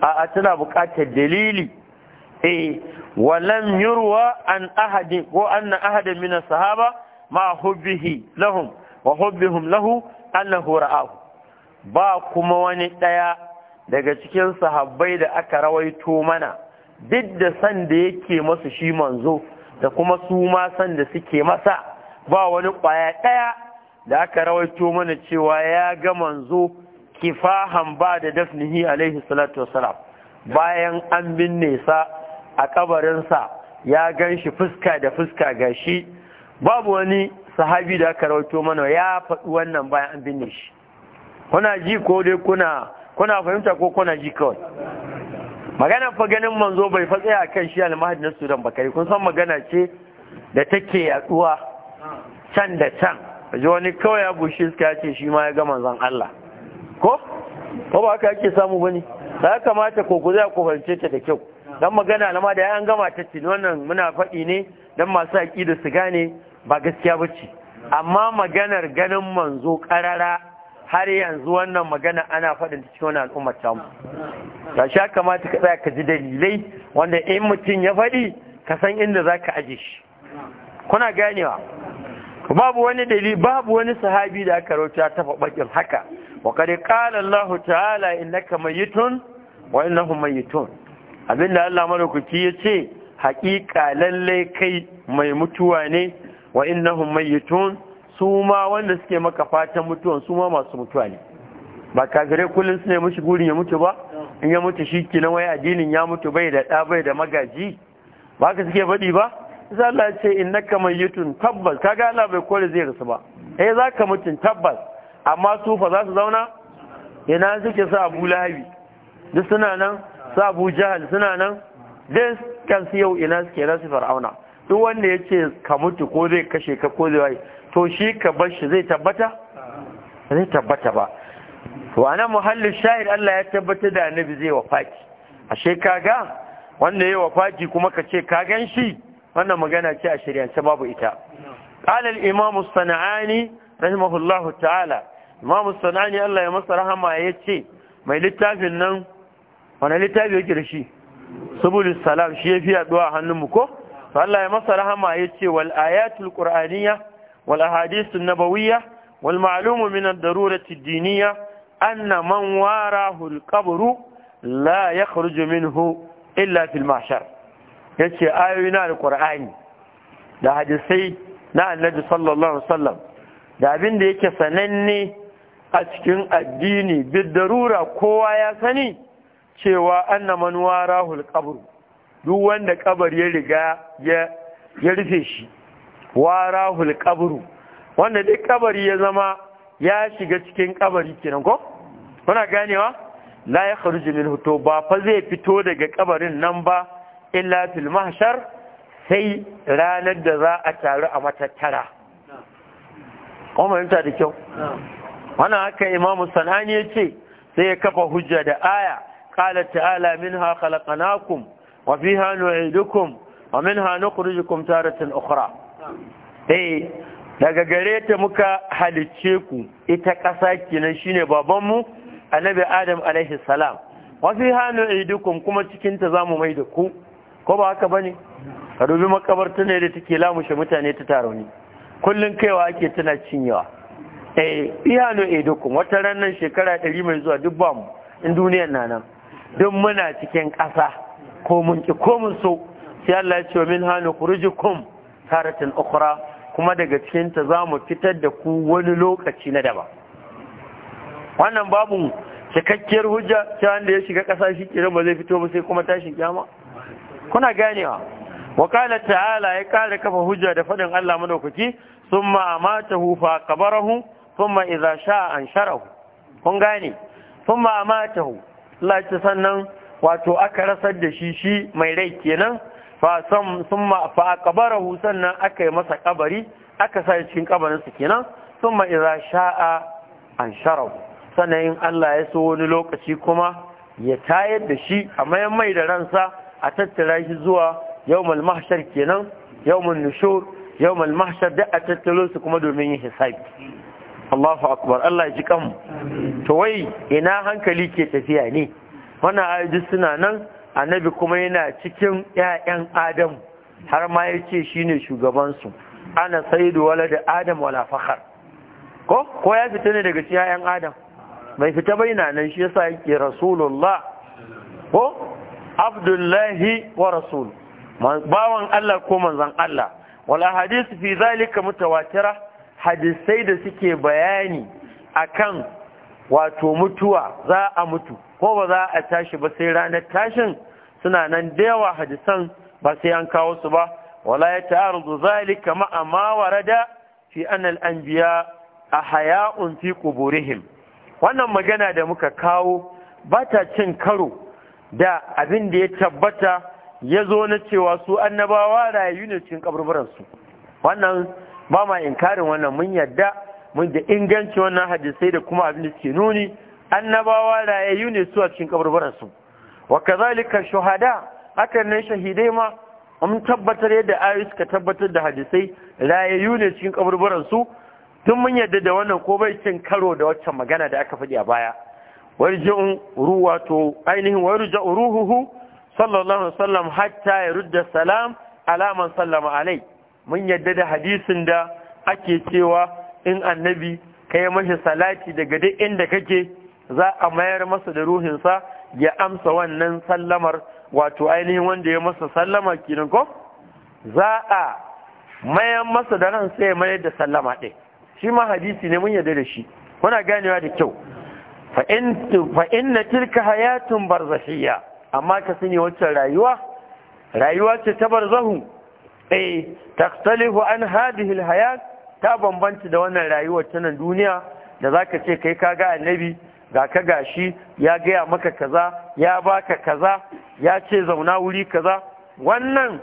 a tana bukatar dalili eh walam yurwa an ahadi ko anna ahadan min sahaba ma hubbihi lahum wa hubbihum lahu annahu ra'ahu ba kuma wani ɗaya daga cikin sahabbai da aka rawaito mana duk da san da yake masu shi manzo da kuma su ma san da suke masa ba wani ƙwaya ɗaya da aka rawaito mana cewa ya ga manzo kifahan ba da dafnihi alaihi salatu wasalam bayan an binne sa a kabarinsa ya ganshi fuska da fuska gashi babu wani sahabi da aka rawaito mana ya faɗi wannan bayan an binne shi kuna ji ko dai kuna kuna fahimta ko kuna ji kawai magana fa ganin manzo bai fa tsaya kan shi almahadi na sudan bakari kun san magana ce da take yaduwa can da can ji wani kawai ya bushe suka ya ce shi ma ya ga manzon Allah ko ko ba haka yake samu bane ya kamata ko ku za ku fahimce ta da kyau dan magana na da an gama ta ce wannan muna faɗi ne dan masu aƙida su gane ba gaskiya ba ce amma maganar ganin manzo karara har yanzu wannan magana ana faɗin cikin wani al'ummar tamu ta sha kamata ka tsaya ka ji dalilai wanda in mutum ya faɗi ka san inda za ka aje shi kuna ganewa babu wani dalili babu wani sahabi da aka rauta ta faɓaƙin haka wa kare ƙalar Allah ta'ala innaka mayyitun wa innahum mayyitun abinda Allah madaukaki ya ce haƙiƙa lallai kai mai mutuwa ne wa innahum mayitun su ma wanda suke maka fatan mutuwa, suma ma masu mutuwa ne ba kafirai kullum suna mushi gurin ya mutu ba in ya mutu shi ki na wai addinin ya mutu bai da ɗa bai da magaji ba ka suke faɗi ba sai Allah ya ce innaka mayyitun tabbas kaga Allah bai kore zai rasu ba eh zaka mutun tabbas amma su fa za su zauna ina suke sa Abu Lahabi duk suna nan sa Abu Jahal suna nan kan siyo ina suke rasu Fir'auna duk wanda ya ce ka mutu ko zai kashe ka ko zai to shi ka bar shi zai tabbata zai tabbata ba to ana muhallin shahid Allah ya tabbata da annabi zai wafaki ashe kaga wanda ya wafaki kuma ka ce ka gan shi wannan magana ce a shiryance babu ita Imam قال الإمام ya رحمه الله تعالى إمام الصنعاني الله يمس رحمه يتشي ما يلتافي النم shi يلتافي يجرشي سبول السلام addu'a hannun mu ko? Allah ya masa rahama ya ce wal ayatul qur'aniyya wal ahadith nabawiyya wal ma'lumu min ad-darurati ad-diniyya anna man warahu al minhu illa fil mahshar yace ayoyi na al da hadisai na annabi sallallahu da abin da yake sananne a cikin addini bid darura kowa ya sani cewa anna man warahu al duk wanda kabar ya riga ya rufe shi warahul kabru wanda duk kabari ya zama ya shiga cikin kabari kenan ko kuna ganewa la ya kharuju min hutu ba fa zai fito daga kabarin nan ba illa fil mahshar sai ranar da za a taru a matattara kuma da kyau wannan haka imamu sanani ya ce sai ya kafa hujja da aya qala ta'ala minha khalaqnakum وفيها نعيدكم ومنها نخرجكم تارة أخرى eh daga gare ta muka halicce ku ita ƙasa kenan shine babanmu annabi adam alaihi salam wa fi hanu idukum kuma cikin ta zamu mai da ku ko ba haka bane ka dubi makabarta ne da take lamushe mutane ta tarauni ne kullun kaiwa ake tana cinyewa eh fi hanu idukum wata ranar shekara 100 mai zuwa duk bamu in duniyar nan duk muna cikin ƙasa ko mun ki ko mun so sai Allah ya ce wa min hanu khurujukum taratan ukhra kuma daga cikin ta zamu fitar da ku wani lokaci na daba wannan babu cikakkiyar hujja ta wanda ya shiga kasa shi kiran ba zai fito ba sai kuma tashin kiyama kuna ganewa wa qala ta'ala ya kare kafa hujja da fadin Allah madaukaki thumma amatahu fa qabarahu thumma idza sha'a ansharahu kun gane thumma amatahu Allah ya sannan wato aka rasar da shi shi mai rai kenan fa sam summa fa sannan aka yi masa kabari aka sa cikin kabarin su kenan summa idza sha'a an sannan in Allah ya so wani lokaci kuma ya tayar da shi a mayan mai da ransa a tattara shi zuwa yawmal mahshar kenan yawmal nushur yawmal mahshar da a tattaro su kuma domin yin hisabi Allahu akbar Allah ya ji kanmu to wai ina hankali ke tafiya ne wannan ayoyi suna nan annabi kuma yana cikin ƴaƴan adam har ma ya ce shi ne shugabansu ana saidu wala da adam wala fakhar ko ko ya fita ne daga 'ya'yan adam mai fita bai na nan shi yasa yake rasulullah ko abdullahi wa rasul bawan Allah ko manzan Allah wala hadisi fi zalika mutawatira hadisai da suke bayani akan wato mutuwa za a mutu ko ba za a tashi ba sai ranar tashin suna nan da yawa hadisan ba sai an kawo su ba wala ya ta'arudu zalika ma ma warada fi annal anbiya ahya'un fi quburihim wannan magana da muka kawo ba ta cin karo da abin da ya tabbata ya zo na cewa su annabawa rayu ne cikin kaburburansu wannan ba ma inkarin wannan mun yadda mun da inganci wannan hadisai da kuma abin da suke nuni annabawa rayayyu ne su a cikin kaburburan su wa kazalika shuhada akan ne shahidai ma mun tabbatar yadda ayoyi suka tabbatar da hadisai rayayyu ne cikin kaburburan su tun mun yadda da wannan ko bai cin karo da waccan magana da aka faɗi a baya warji'un ruwato ainihin warja ruhuhu sallallahu alaihi wasallam hatta ya rudda salam alaman sallama alai mun yadda da hadisin da ake cewa in annabi ka kai mashi salati daga duk inda kake za a mayar masa da ruhinsa ya amsa wannan sallamar wato ainihin wanda ya masa sallama kinan ko za a mayar masa da ran sai mayar da sallama ɗin shi ma hadisi ne mun yarda da shi Muna ganewa da kyau fa inna tilka hayatun barzahiyya amma ka sani wacce rayuwa rayuwa ce ta barzahu eh taxtalifu an hadhihi alhayat ta bambanta da wannan rayuwar ta nan duniya da zaka ce kai ka ga annabi ga ka gashi ya gaya maka kaza ya baka kaza ya ce zauna wuri kaza wannan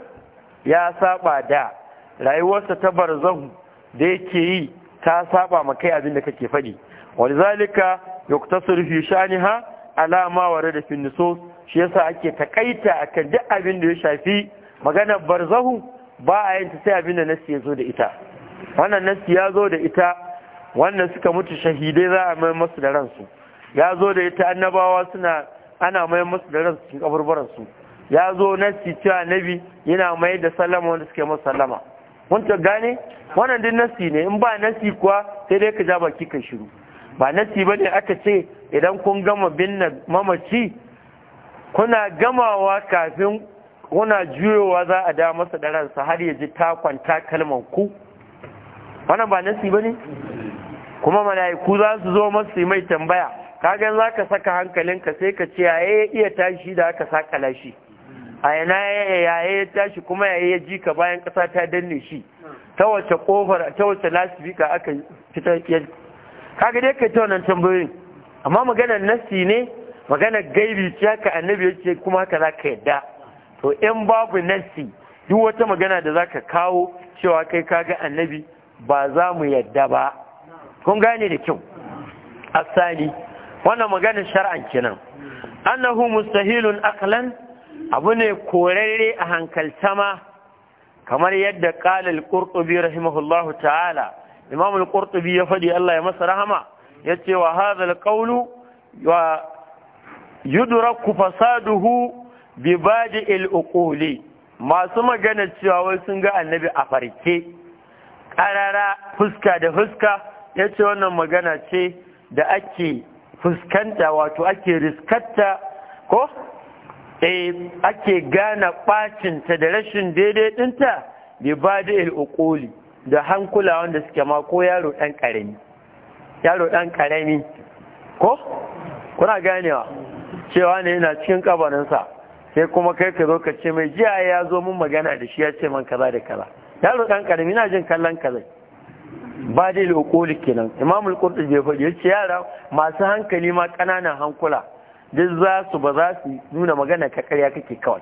ya saba da rayuwarsa ta barzahu da yake yi ta saba ma kai abin da kake faɗi walzalika yuktasiru fi shaniha ala ma warada fi nusus shi yasa ake takaita akan duk abin da ya shafi maganar barzahu ba a yin ta sai abin da nasi ya zo da ita wannan nasi ya zo da ita wanda suka mutu shahidai za a mai masu da ransu ya zo da ita annabawa suna ana mai masu da ransu cikin kaburbaransu ya zo nasi cewa nabi yana mai da sallama wanda suke masu sallama kun ta gane wannan din nasi ne in ba nasi kuwa sai dai ka ja baki ka shiru ba nasi ba ne aka ce idan kun gama binne mamaci kuna gamawa kafin kuna juyowa za a da masa da ransa har ya ji kwanta takalman ku wannan ba nasi ba ne kuma mala'iku za su zo masu mai tambaya kagan za ka saka hankalinka sai ka ce yaye ya iya tashi da aka sakala shi a yana yaye ya tashi kuma yaye ya ji ka bayan ƙasa ta danne shi ta wace kofar ta wace lasifika aka fita kaga dai kai ta wannan tambayoyin amma maganar nasi ne maganar gaibi ce haka annabi ya ce kuma haka za ka yadda to in babu nasi duk wata magana da za ka kawo cewa kai kaga annabi ba za mu yadda ba kun gane da kyau asali wannan maganar shar'an kenan annahu mustahilun aqlan abu ne korarre a hankaltama kamar yadda qala al rahimahullahu ta'ala Imamul al ya faɗi Allah ya masa rahama ya ce wa hadha al-qawlu wa yudraku fasaduhu bi badi al-uquli masu magana cewa wai sun ga annabi a farke ƙarara fuska da fuska ya ce wannan magana ce da ake fuskanta wato ake riskatta ko e ake gane ɓacinta da rashin daidai ɗinta ba da ilƙoli da hankula wanda suke ma ko yaro ɗan ƙarami yaro ɗan ƙarami ko kuna ganewa cewa ne yana cikin ƙabaninsa, sai kuma kai ka zo ka ce mai jiya ya zo mun magana da shi ya ce man kaza da kaza ya ɗan ƙarami na jin kallon kazai ba dai lokoli kenan imamul qurtubi ya faɗi ce, yara masu hankali ma ƙananan hankula duk za su ba za su nuna magana ka ƙarya kake kawai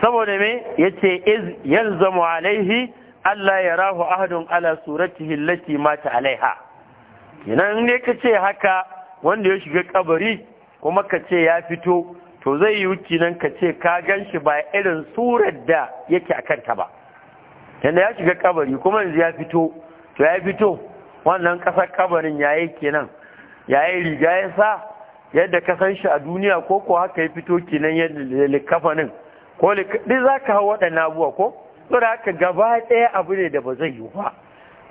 saboda me yace iz yalzamu alaihi Allah ya rahu ahadun ala suratihi allati mata alaiha kenan ne ka ce haka wanda ya shiga kabari kuma ka ce ya fito to zai yi wuci nan ka ce ka gan shi ba irin surar da yake a kanta ba yanda ya shiga kabari kuma yanzu ya fito to ya fito wannan kasar kabarin ya yi kenan ya yi riga ya sa yadda ka san shi a duniya ko ko haka ya fito kenan yadda da likafanin ko duk za ka hau waɗannan abuwa ko to da haka gaba ɗaya abu ne da ba zai yi ba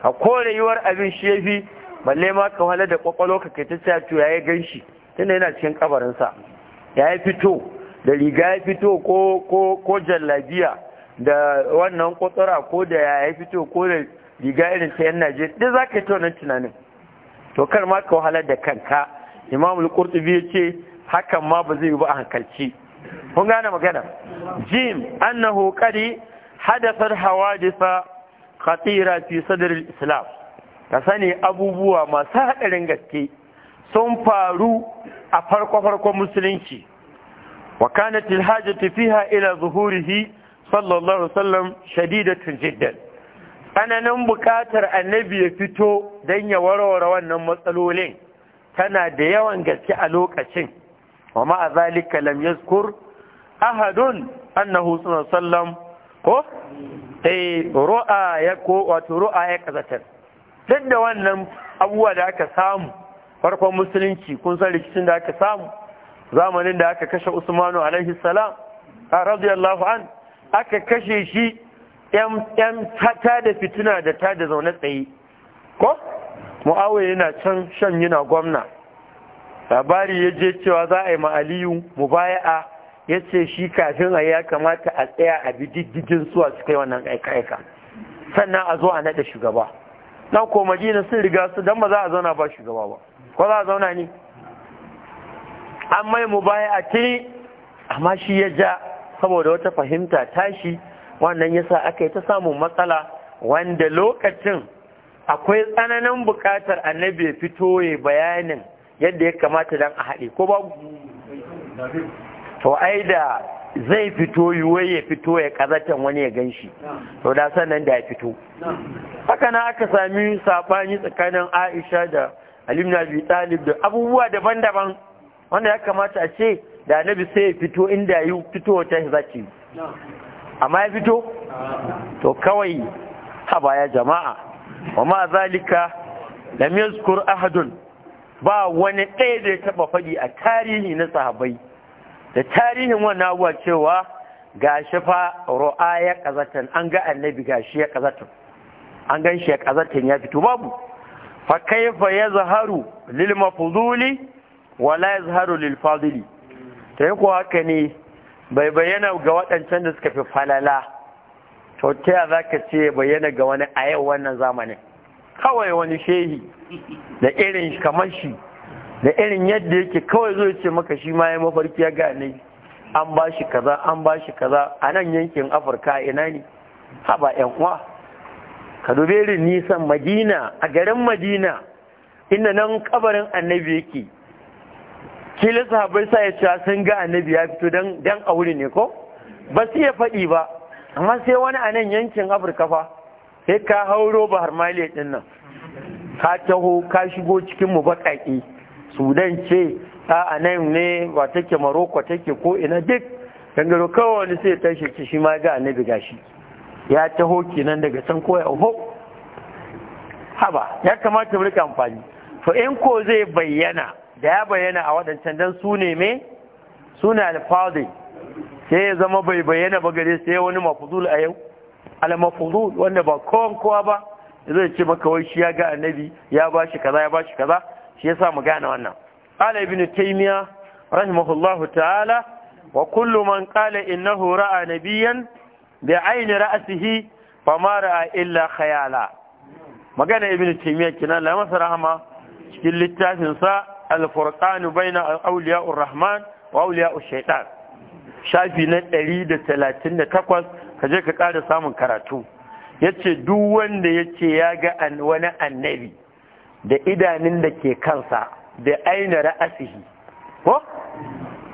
a kore yiwuwar abin shi ya fi balle ma ka wale da kwakwalo ka kai ta to ya yi gan shi tunda yana cikin kabarinsa ya yi fito da riga ya fito ko ko ko jallabiya da wannan kotsura ko da ya fito ko da riga irin ta yan Najeriya duk za ka yi ta wannan tunanin to kar ma ka wahalar da kanka Imam Al-Qurtubi ya ce hakan ma ba zai yi ba a hankalci kun gane magana jim annahu qadi hadathat hawadisa khatira fi sadr al-islam ka sani abubuwa masu haɗarin gaske sun faru a farko farkon musulunci wa kanat al-hajatu fiha ila zuhurihi sallallahu alaihi wasallam shadidatun jiddan tsananin bukatar annabi ya fito don ya warware wannan matsalolin tana da yawan gaske a lokacin wa ma'a zalika lam yazkur ahadun annahu sallam ko sai eh, ru'a ya ko wato ru'a ya kazatar duk da wannan abubuwa da aka samu farkon musulunci kun san rikicin da aka samu zamanin da aka kashe Usmanu alaihi salam radiyallahu aka kashe shi ‘yan ta da fituna da ta da zaune tsaye ko mu'awai yana can shan yana gwamna labari ya je cewa za a yi ma'aliyu mubaya'a ya ce shi kafin a ya kamata a tsaya a bi diddigin suwa su kai wannan aika-aika sannan a zo a naɗa shugaba na ko madina sun riga su don ba za a zauna ba shugaba ba ko za a zauna ne an mai mu a tiri amma shi ya ja saboda wata fahimta tashi wannan yasa aka yi ta samun matsala wanda lokacin akwai tsananin buƙatar annabi ya fito ya bayanin yadda ya kamata don a haɗe ko ba? to ai da zai fito yiwuwar ya fito ya kazatan wani ya gan shi to da sannan da ya fito haka na aka sami saɓani tsakanin aisha da alimna bi talib da abubuwa daban-daban wanda ya kamata a ce da annabi sai ya fito inda yi fito ta shi zaki amma ya fito to kawai haba ya jama'a wa ma zalika lam yazkur ahadun ba wani ɗaya da ya taɓa faɗi a tarihi na sahabbai da tarihin wannan abuwa cewa gashi fa ro'a ya kazatan an ga annabi gashi ya kazatan an gan shi ya kazatan ya fito babu fa kaifa yazharu lil mafzuli wala la yazharu lil fadili ta yi kuwa haka ne bai bayyana ga waɗancan da suka fi falala to ta za ka ce bayyana ga wani a yau wannan zamanin kawai wani shehi da irin kamar shi da irin yadda yake kawai zai ce maka shi ma ya mafarki ya gane an ba shi kaza an ba shi kaza a nan yankin afirka ina ne haba yan uwa ka dubi irin nisan madina a garin madina inda nan kabarin annabi yake kila sahabai sa ya cewa sun ga annabi ya fito dan dan aure ne ko ba su ya faɗi ba amma sai wani a nan yankin afirka fa sai ka hauro ba har din nan ka taho ka shigo cikin mu sudan ce a nan ne ba take maroko take ko ina duk dangaro kawai wani sai ya tashi ci shi ma ga annabi gashi ya taho kenan daga can ko ya haba ya kamata mu rika amfani to in ko zai bayyana da ya bayyana a waɗancan don su ne me su ne alfadi sai ya zama bai bayyana ba gare sai wani mafudul a yau al wanda ba kowan kowa ba zai ce maka wai shi ya ga annabi ya ba shi kaza ya ba shi kaza shi ya sa mu gane wannan qala ibn taymiya rahimahullahu ta'ala wa kullu man qala innahu ra'a nabiyan bi ayni ra'sihi fama a illa khayala magana ibn taymiya kina la masa rahama cikin littafin sa الفرقان baina auliya'ur rahman wa الشيطان shafi na 138 kaje ka kada samun karatu yace duk wanda yace ya ga wani annabi da idanun da ke kansa da aina ra'asihi ko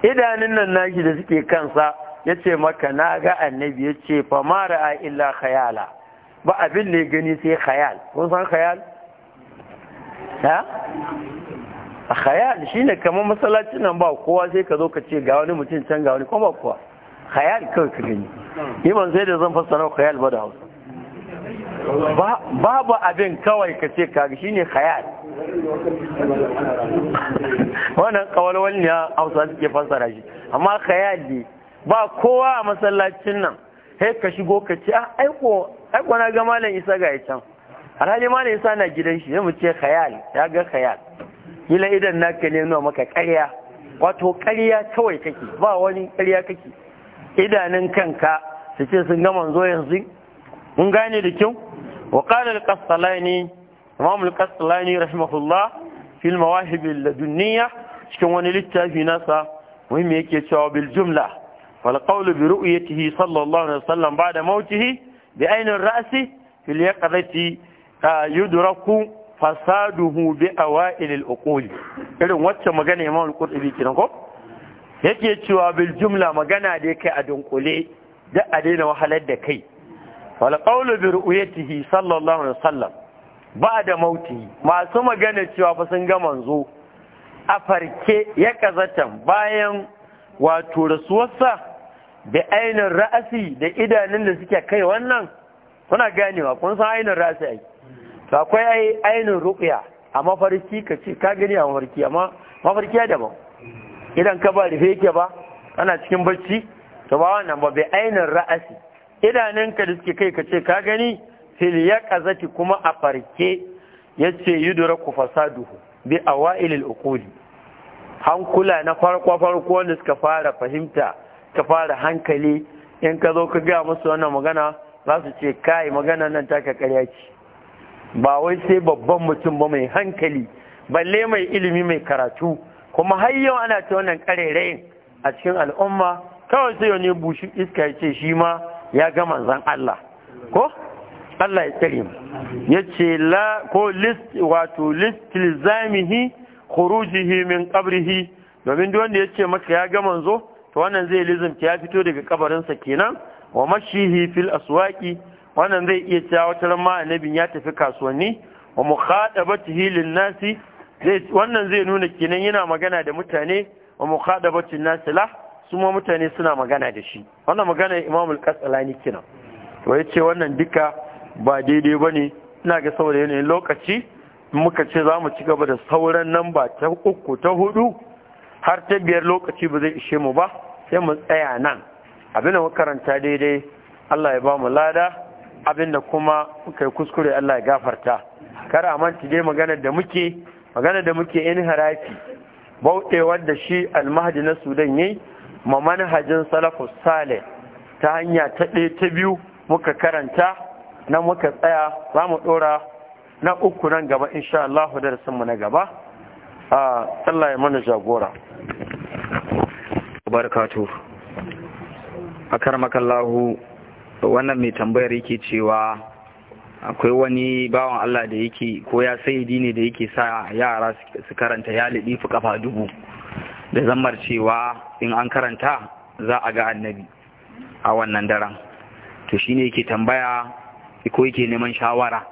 idanun nan nashi da suke kansa yace maka na ga annabi yace fa ma ra'a illa khayala ba abin ne gani sai khayal kun san khayal ha a shi shine kamar masallacin nan ba kowa sai ka zo ka ce ga wani mutum can ga wani kuma ba kowa khayal kawai ka gani ni ban sai da zan fassara khayal ba da Hausa babu abin kawai ka ce kaga ne khayal wannan kawalwal ne Hausa suke fassara shi amma khayal ne ba kowa a masallacin nan sai ka shigo ka ce ah aiko aiko na ga malam Isa ga can alhali malam Isa na gidan shi zai mu ce khayal ya ga khayal kila idan naka ne nuna maka ƙarya wato ƙarya kawai kake ba wani ƙarya kake idanun kanka su ce sun gama zo yanzu mun gane da kyau wa qala al-qastalani imam al-qastalani rahimahullah fi al-mawahib al cikin wani littafi nasa muhimmi yake cewa bil jumla wal qawl bi ru'yatihi sallallahu alaihi wasallam ba'da mautihi bi ainin ra'si fil yaqdati yudraku fasaduhu bi awailil uquli irin wacce magana Imam al-Qurtubi kenan ko yake cewa bil jumla magana da kai a dunkule da a daina wahalar da kai wal qawlu bi ru'yatihi sallallahu alaihi wasallam ba'da mauti masu magana cewa fa sun ga manzo a farke ya kazatan bayan wato rasuwarsa da ainin ra'asi da idanun da suke kai wannan kuna ganewa kun san ainin ra'asi ai to akwai ainihin ruqya a mafarki ka ce ka gani a mafarki amma mafarki ya daban idan ka ba rufe yake ba ana cikin bacci to ba wannan ba bai ainihin ra'asi idanunka da suke kai ka ce ka gani fil yaqazati kuma a farke yace yudraku duhu bi awailil uquli hankula na farko farko wanda suka fara fahimta ka fara hankali in ka zo ka ga musu wannan magana za su ce kai magana nan ta ka karya ce ba wai sai babban mutum ba mai hankali balle mai ilimi mai karatu kuma har yau ana ta wannan karerayin a cikin al'umma kawai sai wani bushi iska ya ce shi ma ya ga manzan Allah ko Allah ya tsare mu yace la ko list wato lizamihi khurujihi min qabrihi domin duk wanda yace maka ya ga manzo to wannan zai lizimta ya fito daga kabarinsa kenan wa mashihi fil aswaqi wannan zai iya cewa wata ran ma annabin ya tafi kasuwanni wa mukhadabati hilin nasi wannan zai nuna kenan yana magana da mutane wa mukhadabati nasi la su ma mutane suna magana da shi wannan magana Imam al-Qasalani kenan to yace wannan duka ba daidai bane ina ga saboda yanayin lokaci muka ce za mu ci gaba da sauran namba ta uku ta hudu har ta biyar lokaci ba zai ishe mu ba sai mu tsaya nan abin da karanta daidai Allah ya ba mu lada abinda kuma kai kuskure Allah ya gafarta kar a manta dai maganar da muke maganar da muke in harafi bauɗewar da shi almahadi na sudan yayi ma manhajin salafus salih ta hanya ta ɗaya ta biyu muka karanta na muka tsaya za mu ɗora na uku nan gaba insha Allah da mu na gaba a Allah ya mana jagora barakatu a wannan mai tambayar yake cewa akwai wani bawan Allah da yake ko ya sayidi ne da yake sa yara su karanta ya fi kafa dubu da zammar cewa in an karanta za a ga annabi a wannan daren to shi ne yake tambaya ko yake neman shawara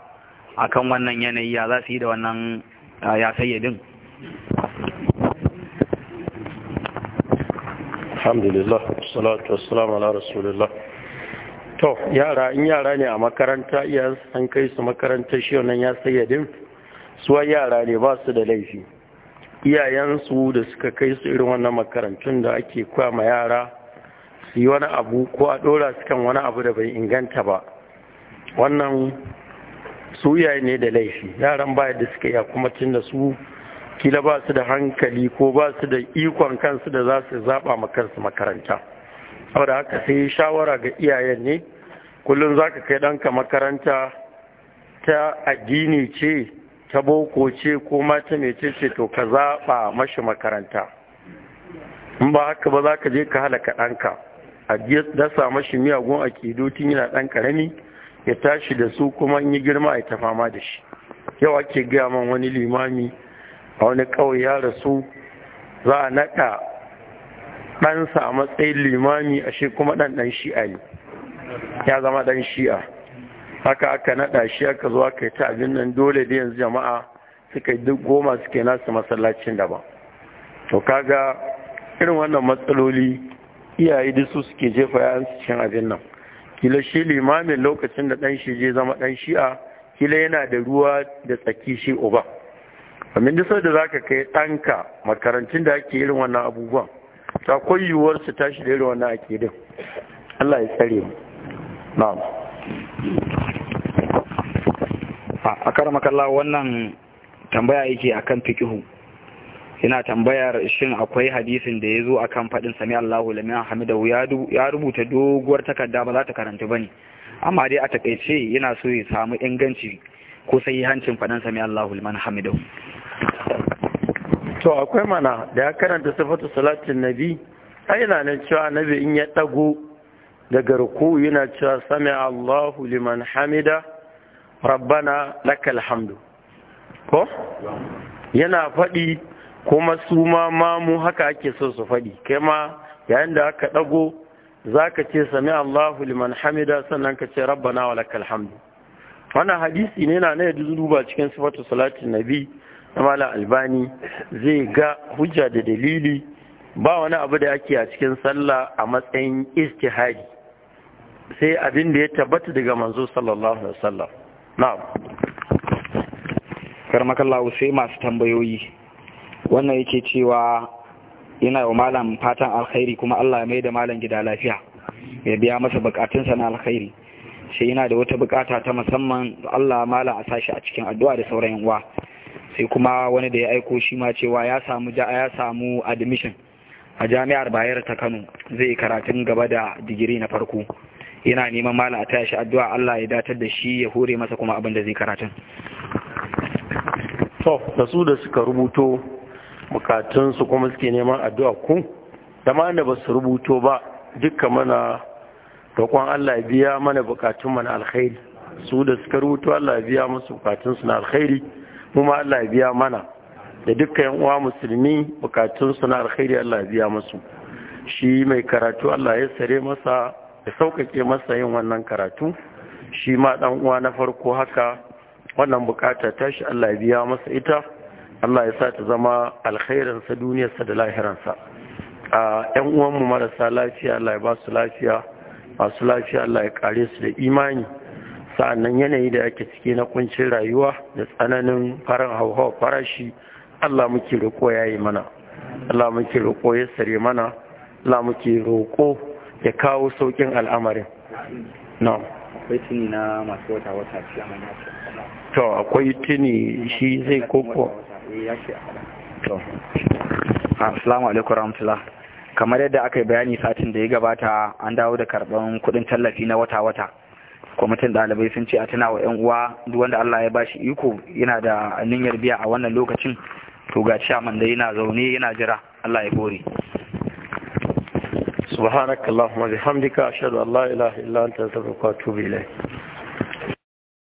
a kan wannan yanayi ya za su yi da wannan ya sayyadin alhamdulillah salatu wassalamu ala rasulillah to yara in yara ne a makaranta iya an kai su makaranta shi wannan ya sayyadin su yara ne ba su da laifi iyayensu da suka kai su irin wannan makarantun da ake ma yara su yi wani abu ko a ɗora su kan wani abu da bai inganta ba wannan su iyaye ne da laifi yaran baya da suka iya kuma tun da su kila ba su da hankali ko ba su da ikon kansu da za su zaɓa makarsu makaranta saboda haka sai shawara ga iyayen ne kullum za ka kai ɗanka makaranta ta addini ce ta boko ce ko mata mai ce to ka zaɓa mashi makaranta in ba haka ba za ka je ka halaka ɗanka a dasa mashi miyagun akidu tun yana ɗan ƙarami ya tashi da su kuma in yi girma ya ta fama da shi yau ake gaya man wani limami a wani ƙauye ya rasu za a naɗa ɗansa a matsayin limami a shi kuma ɗan ɗan shi'a ne ya zama ɗan shi'a haka aka naɗa shi aka zo aka yi ta abin nan dole da yanzu jama'a suka yi duk goma suke nasu masallacin da ba. to kaga irin wannan matsaloli iyaye da su suke jefa 'yansu su cin abin nan kila shi limamin lokacin da ɗan shi je zama ɗan shi'a kila yana da ruwa da tsaki shi uba domin duk da zaka kai ɗanka makarantun da ake irin wannan abubuwan ta akwai yiwuwar su tashi da irin wannan akidin Allah ya tsare mu na'am a karamakalla wannan tambaya yake akan fikihu yana tambayar shin akwai hadisin da ya zo a faɗin sami Allahu lamin hamidahu ya rubuta doguwar takarda ba za ta karanta ba amma dai a takaice yana so ya samu inganci ko sai hancin faɗin sami Allahu lamin hamidahu to akwai mana da ya karanta sifatu salatin nabi ai yana nan cewa nabi in ya dago daga ruku yana cewa sami Allahu liman hamida rabbana lakal hamdu ko yana faɗi kuma su ma mamu haka ake so su faɗi kai ma yayin da aka dago ka ce sami Allahu liman hamida sannan ka ce rabbana wa lakal hamdu wannan hadisi ne yana yadda duba cikin sifatu salatin nabi malam albani zai ga hujja da dalili ba wani abu da ake a cikin sallah a matsayin istihadi sai abin da ya tabbata daga manzo sallallahu alaihi wasallam na'am sai masu tambayoyi wannan yake cewa yana wa malam fatan alkhairi kuma Allah ya mai da malam gida lafiya ya biya masa sa na alkhairi sai yana da wata bukata ta musamman Allah malam a sashi a cikin addu'a da sauran uwa sai kuma wani da ya aiko shi ma cewa ya samu ya samu admission a jami'ar bayar ta kano zai karatun gaba da digiri na farko yana neman mala a taya shi addu'a Allah ya datar da shi ya hore masa kuma abin da zai karatun to da su da suka rubuto bukatun su kuma suke neman addu'a ku da ma da su rubuto ba dukkan mana roƙon Allah ya biya mana bukatun mana alkhairi su da suka rubuto Allah ya biya musu bukatun su na alkhairi kuma Allah ya biya mana da dukkan uwa musulmi bukatun na alkhairi Allah ya biya musu shi mai karatu Allah ya sare masa ya sauƙaƙe masa yin wannan karatu shi ma ɗan uwa na farko haka wannan bukata tashi Allah ya biya masa ita Allah ya sa ta zama alkhairinsa duniyarsa da sa a uwan uwanmu marasa lafiya Allah ya ba su lafiya masu lafiya Allah ya kare su da imani sa'annan yanayi da ake ciki na kuncin rayuwa da tsananin farin hauhawa farashi Allah muke roƙo ya yi mana Allah muke roƙo ya sare mana Allah muke roƙo ya kawo sauƙin al'amarin na akwai tuni na masu wata wata ce a manyan to akwai tuni shi zai koko eh, to assalamu alaikum ramtula kamar yadda aka yi bayani satin da ya gabata an dawo da karɓar kuɗin tallafi na wata-wata kwamitin ɗalibai sun ce a tuna wa 'yan uwa duk wanda Allah ya bashi iko yana da niyyar biya a wannan lokacin to ga man da yana zaune yana jira Allah ya kore subhanakallahumma bihamdika ashhadu an la ilaha illa anta astaghfiruka wa atubu ilayk